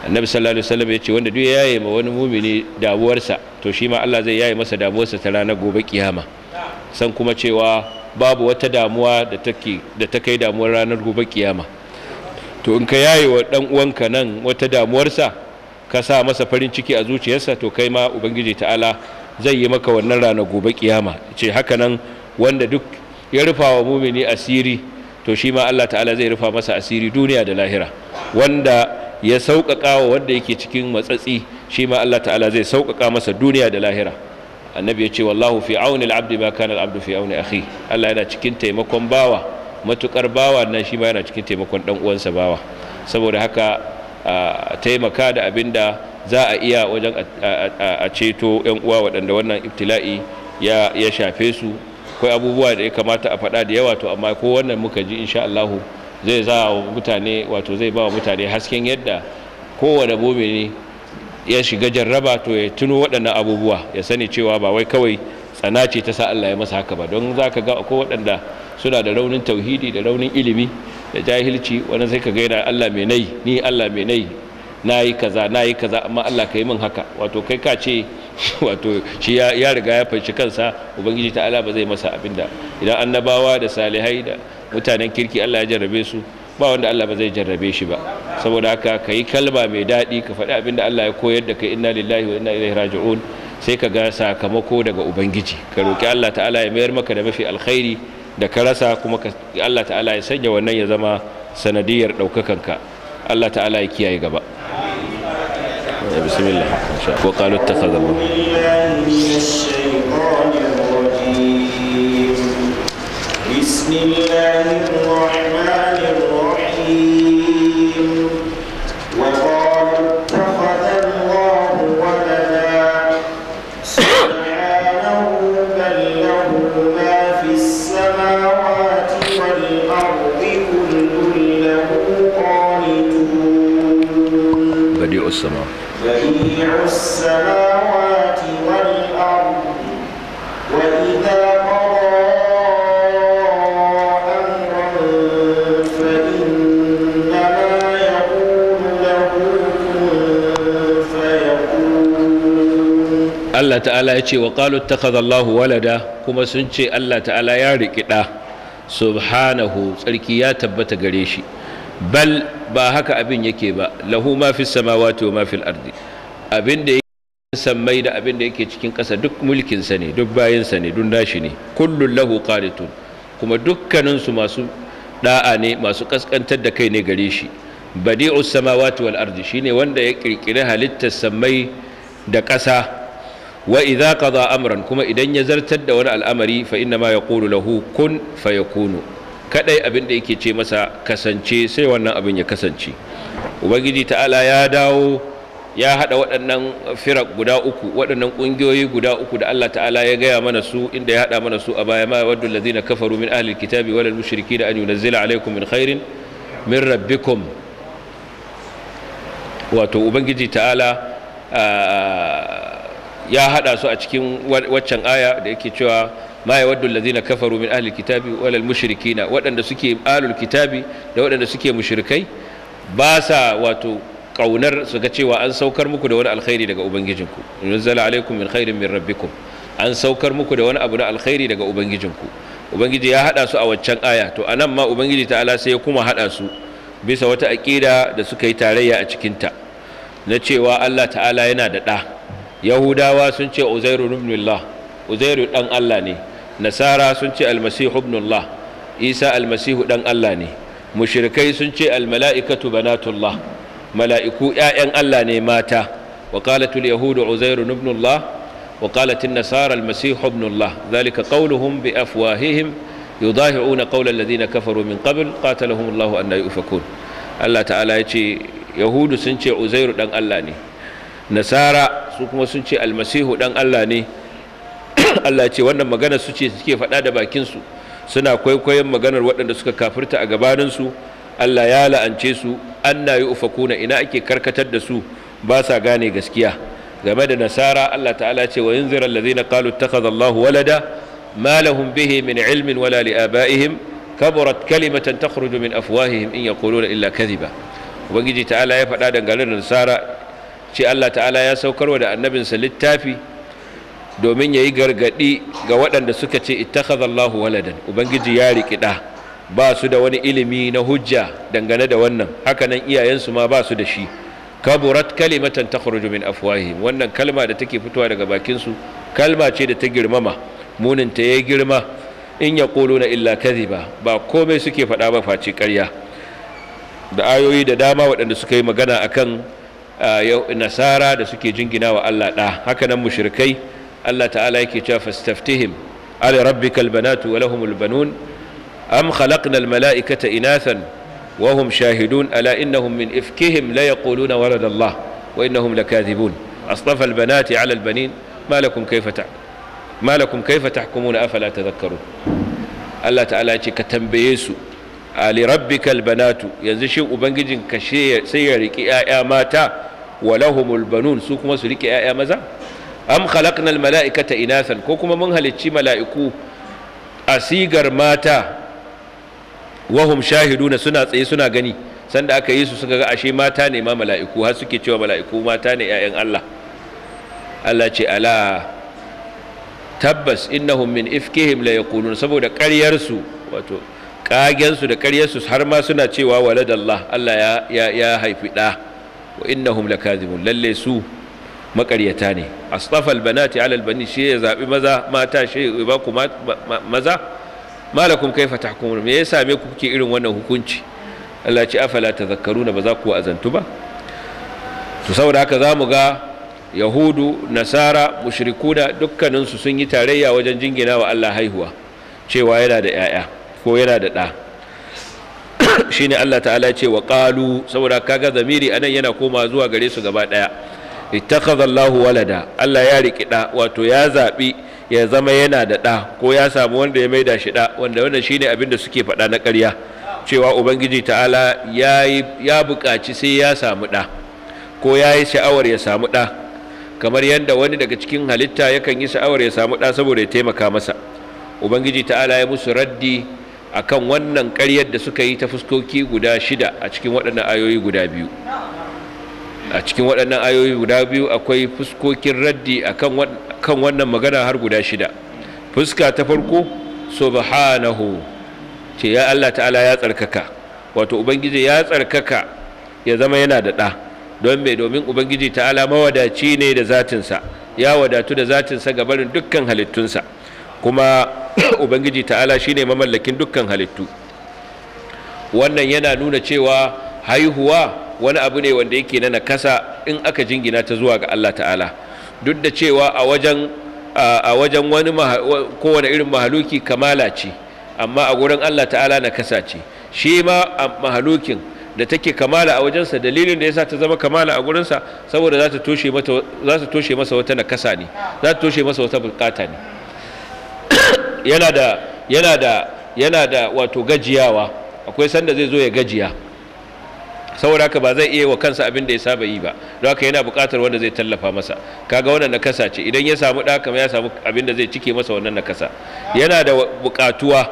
annabi sallallahu alaihi wasallam ya ce wanda duk ya yaye ma wani mumini damuwarsa to shi ma Allah zai yaye masa damuwarsa ta ranar gobe kiyama san kuma cewa babu wata damuwa da take da ta kai damuwar ranar gobe kiyama to in ka yaye wa dan uwanka nan wata damuwarsa ka sa masa farin ciki a zuciyarsa to kai ma ubangiji ta'ala zai yi maka wannan ranar gobe kiyama ce haka nan wanda duk ya rufa wa mumini asiri to shi ma Allah ta'ala zai rufa masa asiri duniya da lahira wanda ya sauƙaƙa wa wanda yake cikin matsatsi shi ma Allah ta'ala zai sauƙaƙa masa duniya da lahira annabi ya ce wallahu fi auni al'abdi abdi ma kana al'abdu fi auni akhi Allah yana cikin taimakon bawa matukar bawa nan shi ma yana cikin taimakon dan uwansa bawa saboda haka taimaka da abinda za a iya wajen a ceto yan uwa waɗanda wannan ibtila'i ya ya shafe su akwai abubuwa da ya kamata a faɗa da yawa to amma ko wannan muka ji insha Allah zai za a mutane wato zai ba wa mutane hasken yadda kowane ne ya shiga jarraba to ya tuno waɗannan abubuwa ya sani cewa ba wai kawai tsana ce ta sa Allah ya masa haka ba don za ka ga ko waɗanda suna da raunin tauhidi da raunin ilimi da jahilci wani sai ka gaina Allah mai nai ni Allah mai nai na yi kaza na yi kaza amma Allah ka yi min haka wato kai ka ce <laughs> wato shi ya riga ya fanshi kansa ubangiji ta'ala ba zai masa abinda idan annabawa da salihai da mutanen kirki Allah ya jarrabe su ba wanda Allah ba zai jarrabe shi ba saboda haka ka yi kalma mai daɗi ka faɗi abin da Allah ya koyar da kai inna lillahi wa inna ilaihi raji'un sai ka ga sakamako daga ubangiji ka roki Allah ta'ala ya mayar maka da mafi alkhairi da ka rasa kuma Allah ta'ala ya sanya wannan ya zama sanadiyar ka Allah ta'ala ya kiyaye gaba bismillah wa qalu اتخذ بسم الله الرحمن الرحيم وقالوا اتخذ الله ولدا سبحانه بل له ما في السماوات والأرض كل له قانتون بديع السماوات بديع السماوات Allah ta'ala ya ce wa qalu ittakhadallahu walada kuma sun ce Allah ta'ala ya riki ɗa subhanahu tsarki ya tabbata gare shi bal ba haka abin yake ba lahu ma fi samawati wa ma fi ardi abin da yake sammai da abin da yake cikin ƙasa duk mulkin sa ne duk bayin sa ne duk nashi ne kullun lahu qanitun kuma dukkanin su masu da'a ne masu kaskantar da kai ne gare shi badi'us samawati wal ardi shine wanda ya kirkiri halittar sammai da ƙasa wa idza qada amran kuma idan ya zartar da wani al'amari fa inna ma yaqulu lahu kun fayakunu kadai abin da yake ce masa kasance sai wannan abin ya kasance ubangiji ta'ala ya dawo ya hada waɗannan firak guda uku waɗannan ƙungiyoyi guda uku da Allah ta'ala ya gaya mana su inda ya hada mana su a baya ma waddu allazina kafaru min ahli alkitabi wal mushrikina an yunzila alaikum min khairin min rabbikum wato ubangiji ta'ala ya hada su a cikin waccan aya da yake cewa ma yawaddu lazina kafaru min ahli kitabi wal mushrikina waɗanda suke alul kitabi da waɗanda suke mushrikai ba sa wato kaunar su ga cewa an saukar muku da wani alkhairi daga ubangijinku nuzala alaikum min khairin min rabbikum an saukar muku da wani abu na alkhairi daga ubangijinku ubangiji ya hada su a waccan aya to anan ma ubangiji ta'ala sai ya kuma hada su bisa wata aqida da suka yi tarayya a cikinta na cewa Allah ta'ala yana da ɗa yahudawa sun ce uzairu ibnullah uzairu ɗan allah ne nasara sun ce almasihu ibnullah isa almasihu ɗan allah ne mushirikai sunce ce almalaikatu banatullah mala'iku ƴaƴan allah ne mata wa qalatul yahudu uzairu ibnullah wa qalatin nasara almasihu ibnullah zalika qawluhum bi afwahihim yudahiruna qawla alladhina kafaru min qabl qatalahum allah an yufakun allah ta'ala yace yahudu sunce uzairu ɗan allah ne nasara su kuma sun ce almasihu dan Allah ne <coughs> Allah ce wannan magana su ce suke faɗa da bakinsu suna kwaikwayon maganar waɗanda suka kafirta a gabaninsu Allah ya la'ance su anna yi ufakuna ina ake karkatar da su ba sa gane gaskiya game da nasara Allah ta'ala ce wa yunzira allazina na ittakhadha Allahu walada ma lahum bihi min ilmin wala li abaihim kaburat kalimatan takhruju min afwahihim in yaquluna illa kadhiba ubangiji ta'ala ya faɗa dangane da nasara ce Allah ta'ala ya saukarwa da annabinsa littafi domin ya yi gargaɗi ga waɗanda suka ce ittakhadallahu waladan ubangiji ya riƙi ɗa ba su da wani ilimi na hujja dangane da wannan hakanan iyayensu ma ba su da shi kaburat kalimatan takhruju min afwahihim wannan kalma da take fitowa daga bakinsu kalma ce da ta girmama munin ta yayi girma in na illa kadhiba ba komai suke faɗa ba face karya. da ayoyi da dama waɗanda suka yi magana akan nasara da suke jingina wa Allah ɗa haka nan mushrikai Allah ta'ala yake cewa fastaftihim ali rabbikal banatu wa lahumul banun am khalaqnal mala'ikata inathan wa hum shahidun ala innahum min ifkihim la yaquluna walad Allah wa innahum lakathibun astafa al banati ala al banin ma lakum kayfa ta ma lakum kayfa tahkumuna afala tadhakkarun Allah ta'ala ya ce ka tambaye su ali rabbikal banatu yanzu shin ubangijin ka sai ya riki ƴaƴa mata wa lahumul banun su kuma su riƙe ƴaƴa maza am khalaqnal mala'ikata inasan ko kuma mun halicci mala'iku asigar mata wahum shahiduna suna tsaye suna gani sanda aka yi su suka ga ashe mata ne ma mala'iku har suke cewa mala'iku mata ne ya'yan Allah Allah ce ala tabbas innahum min ifkihim la yaqulun saboda ƙaryar su wato kagensu da karyarsu har ma suna cewa walad Allah Allah ya ya haifi da wa innahum lakazibun lalle su makaryata ne astafa albanati ala albani shi ya zabi maza mata shi ya ba ku maza malakum kaifa tahkumun me yasa me kuke irin wannan hukunci Allah ce afala tazakkaruna ba za ku azantu ba to saboda haka zamu ga yahudu nasara mushrikuna dukkaninsu sun yi tarayya wajen jingina wa Allah haihuwa cewa yana da 'ya'ya ko yana da ɗa <coughs> shi ne Allah ta'ala ce wa ƙalu saboda kaga zamiri a nan yana koma zuwa gare su gaba ɗaya ittakhadha Allahu walada Allah ya riki ɗa wato ya zaɓi ya zama yana da ɗa ko ya samu wanda ya maida shi ɗa wanda wannan shi ne abinda suke faɗa na ƙarya cewa ubangiji ta'ala ya buƙaci sai ya samu ɗa ko ya yi sha'awar ya samu ɗa kamar yadda wani daga cikin halitta yakan yi sha'awar ya samu ɗa saboda ya taimaka masa ubangiji ta'ala ya musu raddi akan wannan ƙaryar da suka yi ta fuskoki guda shida a cikin waɗannan ayoyi guda biyu a cikin waɗannan ayoyi guda biyu akwai fuskokin raddi akan wannan magana har guda shida fuska ta farko subhanahu ce ya Allah ta'ala ya tsarkaka wato ubangiji ya tsarkaka ya zama yana da ɗa don mai domin ubangiji ta'ala mawadaci ne da zatinsa ya wadatu da zatinsa gabarin dukkan halittunsa kuma ubangiji ta'ala shine mamallakin dukkan halittu wannan yana nuna cewa haihuwa wani abu ne wanda yake na nakasa in aka jingina ta zuwa ga Allah ta'ala duk da cewa a wajen wani kowane irin mahaluki kamala ce amma a gurin Allah ta'ala nakasa ce shi ma mahalukin da take kamala a wajensa dalilin da ya sa ta zama kamala a gurinsa saboda za ta toshe masa wata nakasa ne za ta toshe masa wata bukata ne yana da yana da yana da wato gajiyawa akwai sanda zai zo ya gajiya saboda haka ba zai iya wa kansa abin da ya saba yi ba don haka yana buƙatar wanda zai tallafa masa kaga wannan nakasa ce idan ya samu ɗa kamar ya samu abin da zai cike masa wannan nakasa yana da buƙatuwa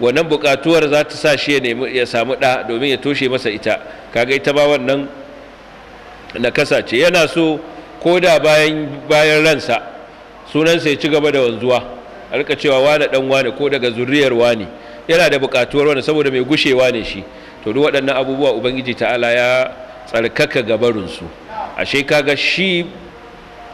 wannan buƙatuwar za ta sa shi ya samu ɗa domin ya toshe masa ita kaga ita ba wannan nakasa ce yana so ko da bayan bayan ransa sunansa ya ci gaba da wanzuwa a rika cewa wane dan wane ko daga zuriyar wane yana da bukatuwar wani saboda mai gushewa ne shi to duk waɗannan abubuwa ubangiji ta'ala ya tsarkaka su ashe kaga shi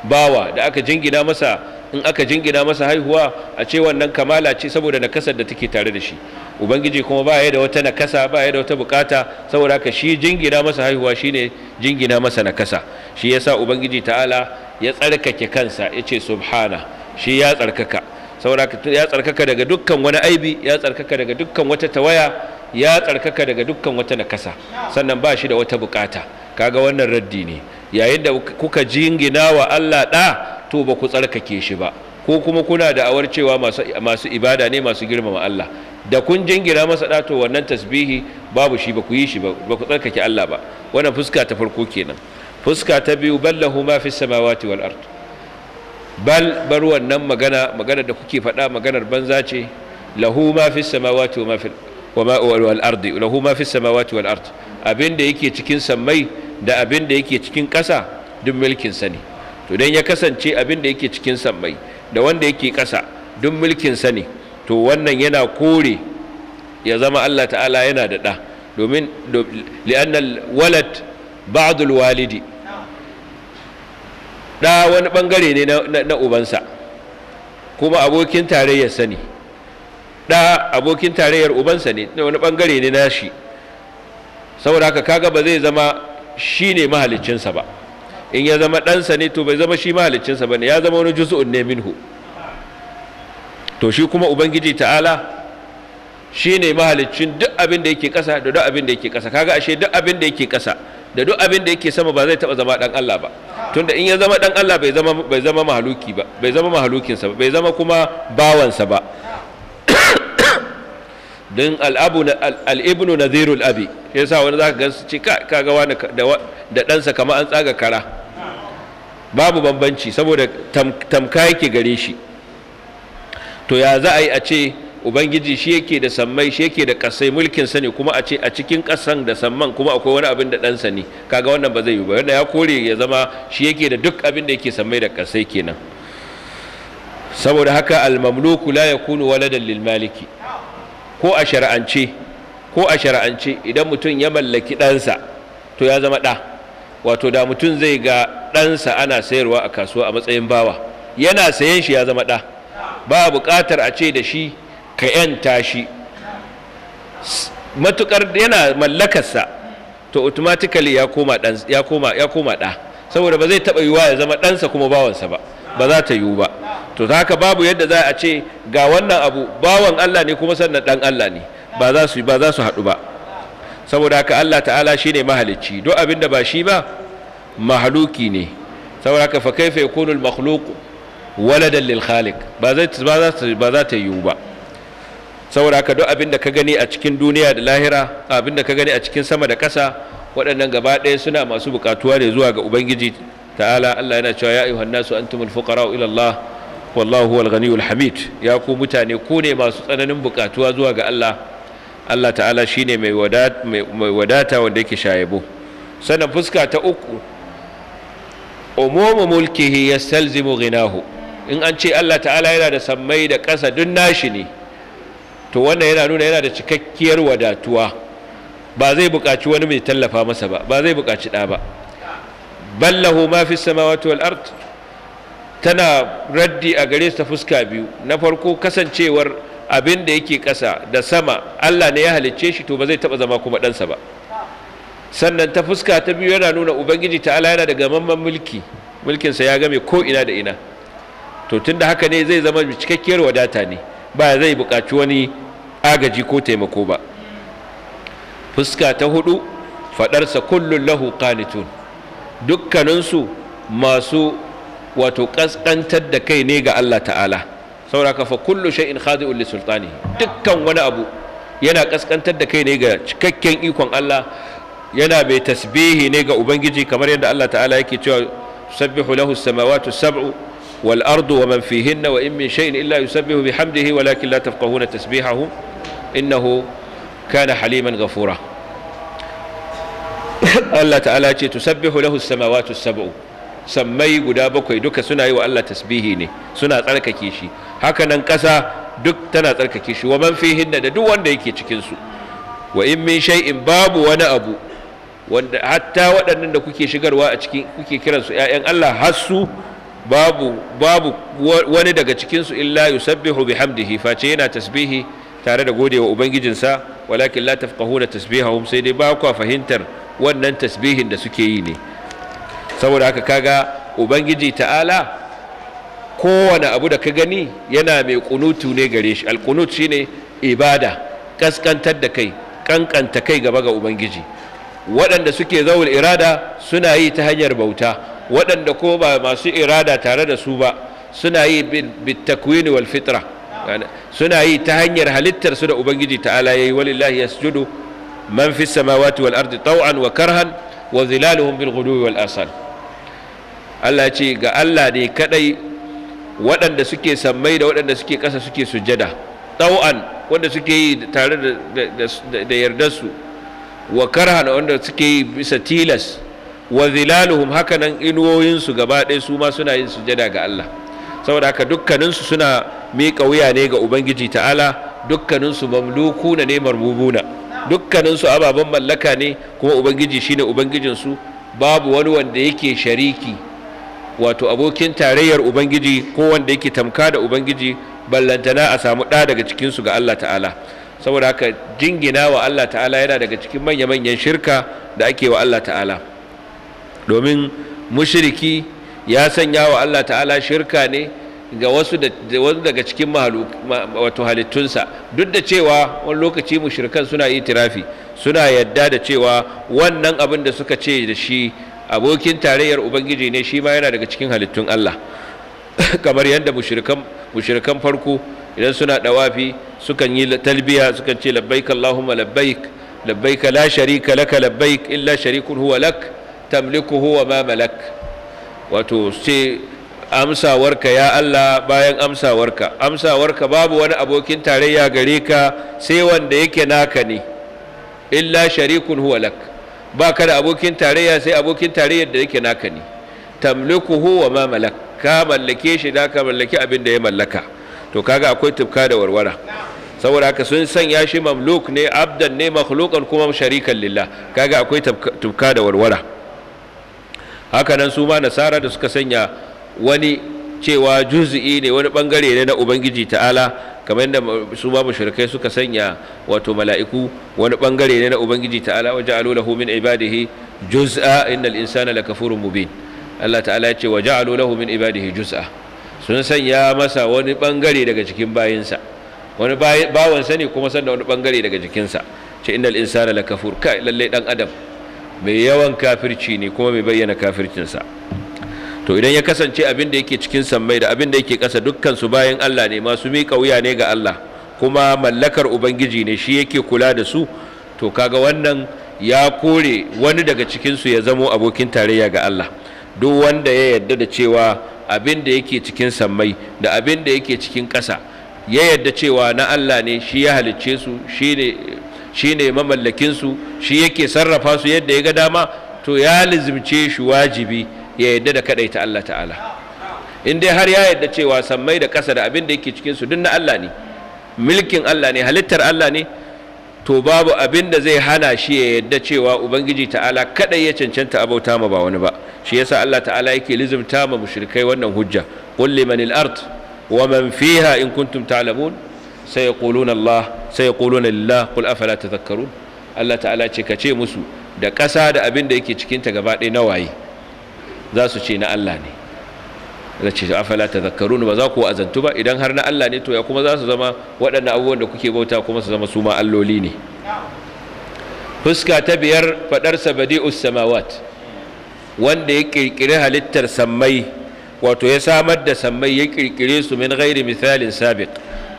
bawa da aka jingina masa in aka jingina masa haihuwa a ce wannan kamala ce saboda nakasar da take tare da shi ubangiji kuma ba ya da wata nakasa ba ya da wata bukata saboda haka shi jingina masa haihuwa shine jingina masa nakasa shi yasa ubangiji ta'ala ya tsarkake kansa ya ce subhana shi ya tsarkaka sauraka ya tsarkaka daga dukkan wani aibi ya tsarkaka daga dukkan wata tawaya ya tsarkaka daga dukkan wata nakasa sannan ba shi da wata bukata kaga wannan raddi ne yayin da kuka jingina wa Allah ɗa to ba ku tsarkake shi ba ko kuma kuna da awar cewa masu ibada ne masu girmama Allah da kun jingina masa ɗa to wannan tasbihi babu shi ba ku yi shi ba ku tsarkake Allah ba wannan fuska ta farko kenan fuska ta biyu ballahu ma fi samawati wal ard bal bar wannan magana magana da kuke faɗa maganar banza ce lahu ma fi samawati wa ma fi al ardi lahu ma fi samawati wal ardi abinda yake cikin sammai da abinda yake cikin ƙasa duk mulkin sa ne to dan ya kasance abinda yake cikin sammai da wanda yake ƙasa duk mulkin sa ne to wannan yana kore ya zama Allah ta'ala yana da ɗa domin li'anna walad al walidi da wani bangare ne na ubansa kuma abokin tarayyar sani da abokin tarayyar ubansa ne wani bangare ne nashi saboda haka kaga ba zai zama shi ne mahaliccinsa ba in ya zama ɗansa ne to bai zama shi mahaliccinsa ba ne ya zama wani juzu'un ne minhu to shi kuma ubangiji ta'ala shi ne mahaliccin duk abin da yake ƙasa da duk abin da yake ƙasa kaga ashe duk abin da yake ƙasa da duk abin da yake sama ba zai taba zama dan Allah ba tunda in ya zama dan Allah bai zama bai zama mahaluki ba bai zama mahalukin sa ba bai zama kuma bawansa ba din ibnu nadhiru al abi yasa wani zaka gansu ce kaga wani da ɗansa kama an tsaga kara babu bambanci saboda tamka yake gare shi to ya za a yi a ce ubangiji shi yake da sammai shi yake da kasai mulkin sa ne kuma a ce a cikin kasan da samman kuma akwai wani abin da dan ne kaga wannan ba zai yi ba wanda ya kore ya zama shi yake da duk abin da yake sammai da kasai kenan saboda haka almamluku la yakunu waladan lil maliki ko a shar'ance ko a shar'ance idan mutum ya mallaki ɗansa to ya zama ɗa wato da mutum zai ga ɗansa ana sayarwa a kasuwa a matsayin bawa yana sayen shi ya zama ɗa ba buƙatar a ce da shi ka yanta shi matukar yana mallakarsa to automatically ya koma dan ya koma ya koma da saboda ba zai taba yiwa ya zama ɗansa kuma bawansa ba ba za ta yiwu ba to haka babu yadda za a ce ga wannan abu bawan Allah ne kuma sannan dan Allah ne ba za su ba za su haɗu ba saboda haka Allah ta'ala shine mahalicci duk abin da ba shi ba mahaluki ne saboda haka fa kaifa yakunu al-makhluq waladan lil khaliq ba za ta yiwu ba saboda haka duk abin da ka gani a cikin duniya da lahira abin da ka gani a cikin sama da ƙasa waɗannan gaba ɗaya suna masu buƙatuwa ne zuwa ga ubangiji ta'ala Allah yana cewa ya ayyuhan nasu antumul fuqara ila Allah wallahu huwal ghaniyul hamid ya ku mutane ku ne masu tsananin buƙatuwa zuwa ga Allah Allah ta'ala shine mai wadata mai wadata wanda yake shayebo sannan fuska ta uku umumu mulkihi yastalzimu ghinahu in an ce Allah ta'ala yana da sammai da ƙasa duk nashi ne to wannan yana nuna yana da cikakkiyar wadatuwa ba zai buƙaci wani mai tallafa masa ba ba zai buƙaci ɗa ba ballahu ma fi samawati wal ard tana raddi a gare ta fuska biyu na farko kasancewar abin da yake ƙasa da sama Allah ne ya halicce shi to ba zai taɓa zama kuma ɗansa ba sannan ta fuska ta biyu yana nuna ubangiji ta ta'ala yana da gamamman mulki mulkinsa ya game ko ina da ina to tunda haka ne zai zama cikakkiyar wadata ne ba zai buƙaci wani agaji ko taimako ba fuska ta hudu fadarsa kullun lahu qanitun dukkaninsu masu wato kaskantar da kai ne ga Allah ta'ala sauraka fa kullu shay'in khadi'un li sultani dukkan wani abu yana kaskantar da kai ne ga cikakken ikon Allah yana bai tasbihi ne ga ubangiji kamar yadda Allah ta'ala yake cewa sabbihu lahu samawati sab'u wal ardu wa man fihinna wa in min shay'in illa yusabbihu bihamdihi walakin la tafqahuna tasbihahu. innahu kana haliman gafura. Allah ta'ala ce tusabbihu lahu as-samawati as-sab'u guda bakwai duka suna yi wa Allah tasbihi ne suna tsarkake shi haka nan ƙasa duk tana tsarkake shi wa man fihinna da duk wanda yake cikin su wa in min shay'in babu wani abu wanda hatta waɗannan kuke shigarwa a cikin kuke kiransu ‘ya'yan Allah hassu babu wani daga cikinsu illa yusabbihu bihamdihi face yana tasbihi tare da godewa ubangijinsa walakin la tafqahuna tasbihahum sai dai ba kwa fahimtar wannan tasbihin da suke yi ne saboda haka kaga ubangiji ta'ala kowane abu da ka gani yana mai kunutu ne gare shi alkunut shine ibada kaskantar da kai kankanta kai gaba ga ubangiji waɗanda suke zaul irada suna yi ta hanyar bauta waɗanda ko ba masu irada tare da su ba suna yi bitakwini wal fitra suna yi ta hanyar halittar su da ubangiji ta'ala yayi walillahi yasjudu man fi samawati wal ardi taw'an wa karhan wa zilaluhum bil wal asal Allah ce ga Allah ne kadai waɗanda suke sammai da waɗanda suke ƙasa suke sujada taw'an wanda suke yi tare da yardar su wa karhan wanda suke yi bisa tilas wa zilaluhum hakanan inuwoyinsu gaba ɗaya su ma suna yin sujada ga Allah saboda haka dukkaninsu suna miƙa wuya ne ga ubangiji ta'ala dukkaninsu mamluku na ne marbubuna dukkaninsu ababen mallaka ne kuma ubangiji shine ubangijinsu babu wani wanda yake shariki wato abokin tarayyar ubangiji ko wanda yake tamka da ubangiji ballantana a samu ɗa daga cikinsu ga allah ta'ala saboda haka jingina wa allah ta'ala yana daga cikin manya-manyan shirka da ake wa allah ta'ala domin mushiriki ya sanya wa Allah ta'ala shirka ne ga wasu daga cikin wato halittunsa duk da cewa wani lokaci mushrikan suna yi tirafi suna yadda da cewa wannan abin da suka ce da shi abokin tarayyar ubangiji ne shi ma yana daga cikin halittun Allah <laughs> kamar yadda mushrikan farko idan suna dawafi sukan yi talbiya sukan ce labbaik Allahumma labbaik labbaik la sharika laka labbaik illa sharikun huwa lak tamliku huwa ma malak wato ce amsawarka ya Allah bayan amsawarka amsawarka babu wani abokin tarayya gare ka sai wanda yake naka ne illa sharikun huwa lak ba ka da abokin tarayya sai abokin tarayyar da yake naka ne tamliku huwa ma malak ka mallake shi da ka mallaki abin da ya mallaka to kaga akwai tufka da warwara saboda haka sun sanya shi mamluk ne abdan ne makhluqan kuma sharikan lillah kaga akwai tufka da warwara hakanan su ma nasara da suka sanya wani cewa juzi'i ne wani bangare ne na ubangiji ta'ala kamar yadda su ma mushrikai suka sanya wato mala'iku wani bangare ne na ubangiji ta'ala wa ja'alu lahu min ibadihi juz'a innal insana lakafurun mubin Allah ta'ala ya ce wa ja'alu lahu min ibadihi juz'a sun sanya masa wani bangare daga cikin bayinsa wani bawansa sani kuma sanda wani bangare daga jikinsa ce innal insana lakafur kai lalle dan adam mai yawan kafirci ne kuma mai bayyana kafircinsa to idan ya kasance abin da yake cikin sammai da abin da yake kasa dukkan bayan Allah ne masu miƙa wuya ne ga Allah kuma mallakar ubangiji ne shi yake kula da su to kaga wannan ya kore wani daga cikinsu ya zamo abokin tarayya ga Allah duk wanda ya yarda da cewa abin da yake cikin sammai da abin da yake cikin ƙasa ya yarda cewa na Allah ne shi ya halicce su shi ne shine mamallakin su shi yake sarrafa su yadda ya ga dama to ya lizimce shi wajibi ya yadda da kadaita Allah ta'ala in dai har ya yadda cewa sammai da ƙasa da abin da yake cikin su duk na Allah ne mulkin Allah ne halittar Allah ne to babu abin da zai hana shi ya yadda cewa ubangiji ta'ala kadai ya cancanta abauta ma ba wani ba shi yasa Allah ta'ala yake lizimta ma mushrikai wannan hujja qul limanil ard wa man fiha in kuntum ta'lamun sayaquluna Allah sai yaquluna lillah qul afala tadhakkarun Allah ta'ala ce ka ce musu da ƙasa da abin da yake cikin ta gaba ɗaya nawaye za su ce na Allah ne za ce afala tadhakkarun ba za ku azantu ba idan har na Allah ne to ya kuma za su zama waɗannan abubuwan da kuke bauta kuma su zama su ma alloli ne fuska ta biyar faɗarsa badi'us Usamawat wanda ya ƙirƙiri halittar sammai wato ya samar da sammai ya ƙirƙire su min ghairi misalin sabiq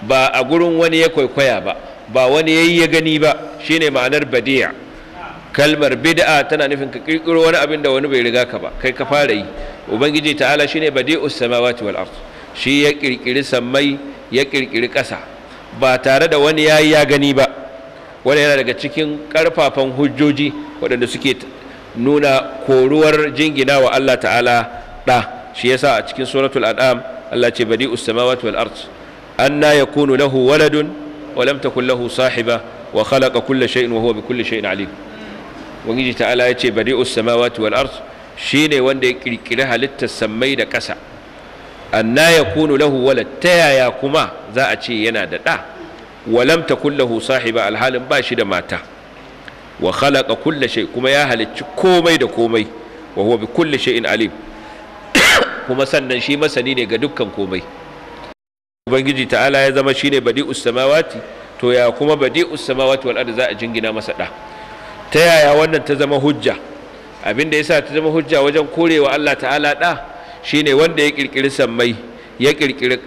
ba a gurin wani ya kwaikwaya ba ba wani yayi ya gani ba shi ne ma'anar badiya kalmar bid'a tana nufin ka kirkiro wani abin da wani bai riga ka ba kai ka fara yi ubangiji ta'ala ne badi'us samawati wal ard shi ya kirkiri sammai ya kirkiri ƙasa ba tare da wani yayi ya gani ba wani yana daga cikin karfafan hujjoji waɗanda suke nuna koruwar jingina wa Allah ta'ala ɗa shi yasa a cikin suratul an'am Allah ce badi'us samawati wal ard anna yakunu lahu waladun wa lam takul lahu wa khalaqa kulla shay'in wa huwa bi kulli shay'in alim ubangiji ta'ala yace badi'us samawati wal shine wanda ya kirkiri halittar sammai da ƙasa anna yakunu lahu walad ta yaya kuma za a ce yana da ɗa walam takul lahu sahiba alhalin ba shi da mata wa khalaqa kulla kuma ya halicci komai da komai wa alim kuma sannan shi masani ne ga dukkan komai ubangiji ta'ala ya zama shine badi ussamawati to ya kuma badi ussamawati wal ardi za a jingina masa da ta yaya wannan ta zama hujja abin da yasa ta zama hujja wajen korewa Allah ta'ala da shine wanda ya kirkiri sammai ya kirkiri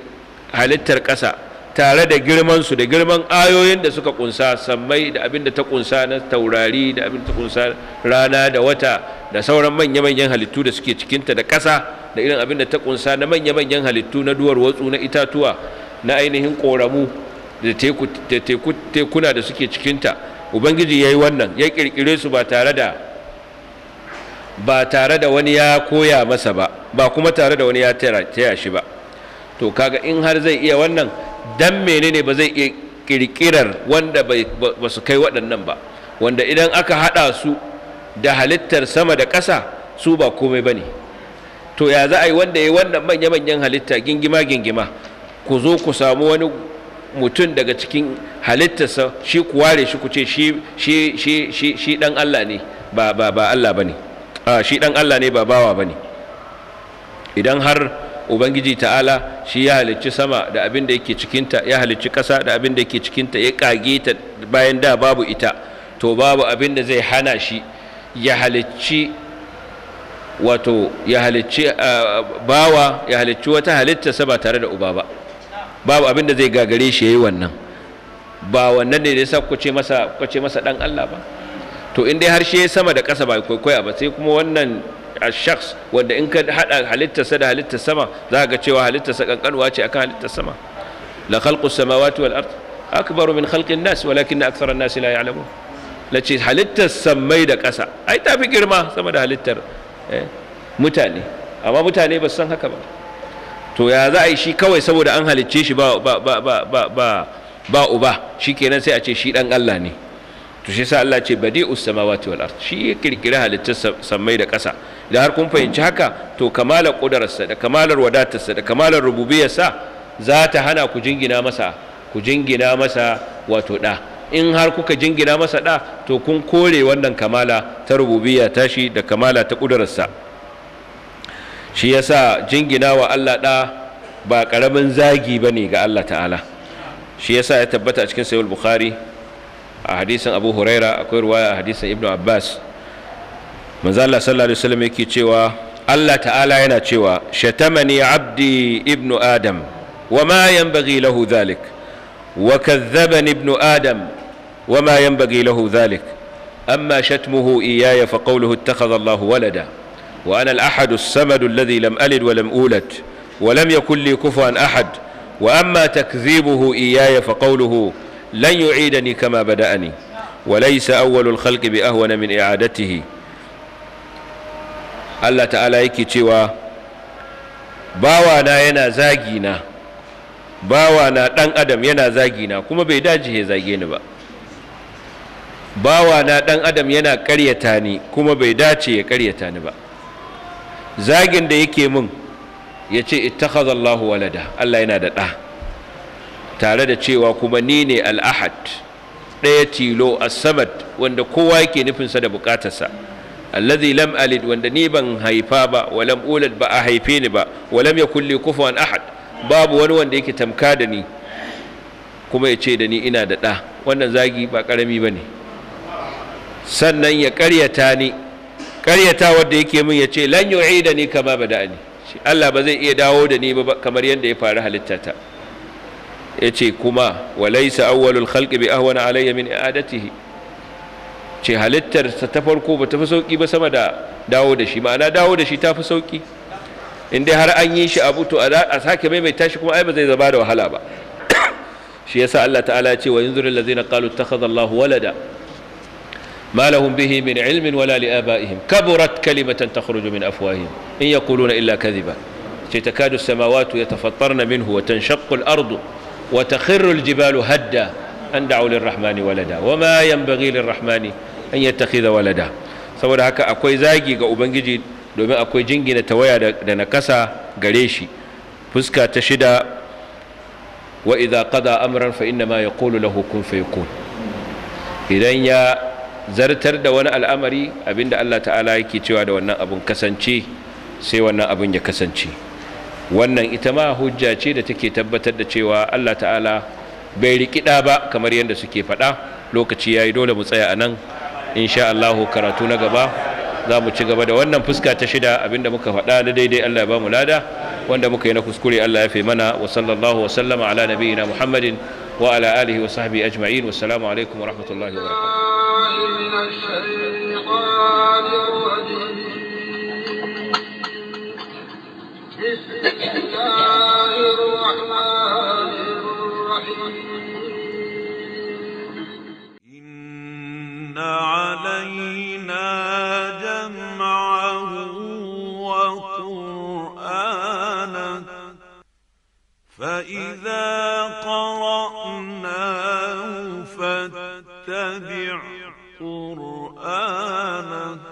halittar ƙasa tare da girman su, da girman ayoyin da suka kunsa sammai da abin da ta kunsa na taurari da abin da ta kunsa rana da wata da sauran manya-manyan halittu da suke cikinta da ƙasa da irin abin da ta kunsa na manya-manyan halittu na duwar watsu na itatuwa na ainihin ƙoramu da tekuna da suke cikinta ubangiji ya yi wannan ya ƙirƙire su ba tare da ba tare da wani ya koya masa ba ba kuma tare da wani ya taya shi ba to kaga in har zai iya wannan dan menene ba zai iya kirkirar wanda ba su kai waɗannan ba wanda idan aka haɗa su da halittar sama da ƙasa su ba komai ba ne to ya za a yi wanda ya wannan manya-manyan halitta gingima-gingima ku zo ku samu wani mutum daga cikin halittarsa shi ku ware shi ku ce shi ɗan Allah ne ba Allah ba ne shi ɗan Allah ne ba bawa ba ne idan har ubangiji ta'ala shi ya halicci sama da abin da yake cikinta ya halicci ƙasa da abin da yake cikinta ya kage ta bayan da babu ita to babu abin da zai hana shi ya halicci wato ya halicci bawa ya halicci wata halitta ba tare da uba ba babu abin da zai gagare shi ya yi wannan ba wannan ne da ku ce masa ce masa dan Allah ba to in dai har shi ya sama da ƙasa ba kwaikwaya ba sai kuma wannan shakhs wanda in ka hada halittarsa da halittar sama za ga cewa halittarsa kankanuwa ce akan halittar sama la khalqu samawati wal ard akbaru min khalqin nas walakin akthara an-nas la ya'lamun la ce halittar sammai da ƙasa ai fi girma sama da halittar eh, mutane amma mutane ba san haka ba to ya za a yi shi kawai saboda an halicce shi ba ba shi ba ba sai a ce shi dan Allah ne to shi sa Allah ce badi'us samawati wal ard shi ya kirkira halittar da ƙasa da har kun fahimci haka to kamalar ƙudararsa da kamalar wadatarsa da kamalar rububiyarsa za ta hana ku jingina masa ku jingina masa wato ɗa in har kuka jingina masa ɗa to kun kore wannan kamala ta rububiyya tashi da kamala ta ƙudararsa shi yasa jingina wa Allah ɗa ba ƙaramin zagi ba ne ga Allah ta'ala shi yasa ya tabbata a cikin sayul bukhari a hadisin abu huraira akwai ruwaya a hadisin ibnu abbas manzo Allah sallallahu alaihi wasallam yake cewa Allah ta'ala yana cewa shatamani abdi ibnu adam wa ma yanbaghi lahu dhalik wa kadhabani ibnu adam wa ma yanbaghi lahu dhalik amma shatmuhu iyaya fa qawluhu ittakhadha Allahu walada wa ana al-ahad as-samad alladhi lam alid wa lam ulad wa lam yakul li kufuwan ahad wa amma takdhibuhu iyaya fa qawluhu lan yu'idani kama bada'ani وليس أول الخلق بأهون من إعادته Allah ta'ala yake cewa bawana yana zagi na bawana dan adam yana zagi na kuma bai dace ya zage ni ba bawana dan adam yana karyata ni kuma bai dace ya karyata ni ba zagin da yake min ya ce ittakhadha walada Allah yana da ɗa tare da cewa kuma ni ne al-ahad ɗaya tilo as-samad wanda kowa yake nufinsa da bukatarsa alladhi lam wanda ni ban haifa ba wa lam ba a haife ni ba wa lam yakul li kufuwan ahad babu wani wanda yake tamka da ni kuma ya ce da ni ina da ɗa wannan zagi ba ƙarami ba ne sannan ya ƙaryata ni ƙaryata wanda yake min ya ce lan yu'i da ni kama bada Allah ba zai iya dawo da ni ba kamar yadda ya faru halittata ya ce kuma wa laysa awwalul bi ahwana alayya min i'adatihi ce halittar sa ta farko ba ta fi sauki ba sama da dawo da shi ma'ana dawo da shi ta fi sauki in dai har an yi shi abu to a sake mai mai tashi kuma ai ba zai zama da wahala ba shi yasa Allah ta'ala ya ce wa yanzuril ladzina qalu takhadha Allahu walada ma lahum bihi min ilmin wala li abaihim kaburat kalimatan takhruju min afwahihim in yaquluna illa kadhiba ce takadu samawati yatafattarna minhu wa tanshaqqu al-ardu wa takhirru al-jibalu hadda an da'u lirrahmani walada wa ma yanbaghi lirrahmani an yi da walada saboda haka akwai zagi ga ubangiji domin akwai jingina ta tawaya da nakasa gare shi fuska ta shida wa idza qada amran fa inna ma yaqulu lahu kun fayakun idan ya zartar da wani al'amari abinda Allah ta'ala yake cewa da wannan abun kasance sai wannan abun ya kasance wannan ita ma hujja ce da take tabbatar da cewa Allah ta'ala bai rikida ba kamar yadda suke faɗa lokaci yayi dole mu tsaya anan insha Allahu karatu na gaba za ci gaba da wannan fuska ta shida abinda muka faɗa da daidai Allah ya ba mu lada wanda muka yi na kuskure Allah ya fi mana wa sallallahu wa sallama ala nabiyina Muhammadin wa ala alihi wa sahbihi ajma'in wa salamu alaikum wa rahmatullahi wa barakatuh علينا جمعه وقرآنه فإذا قرأناه فاتبع قرآنه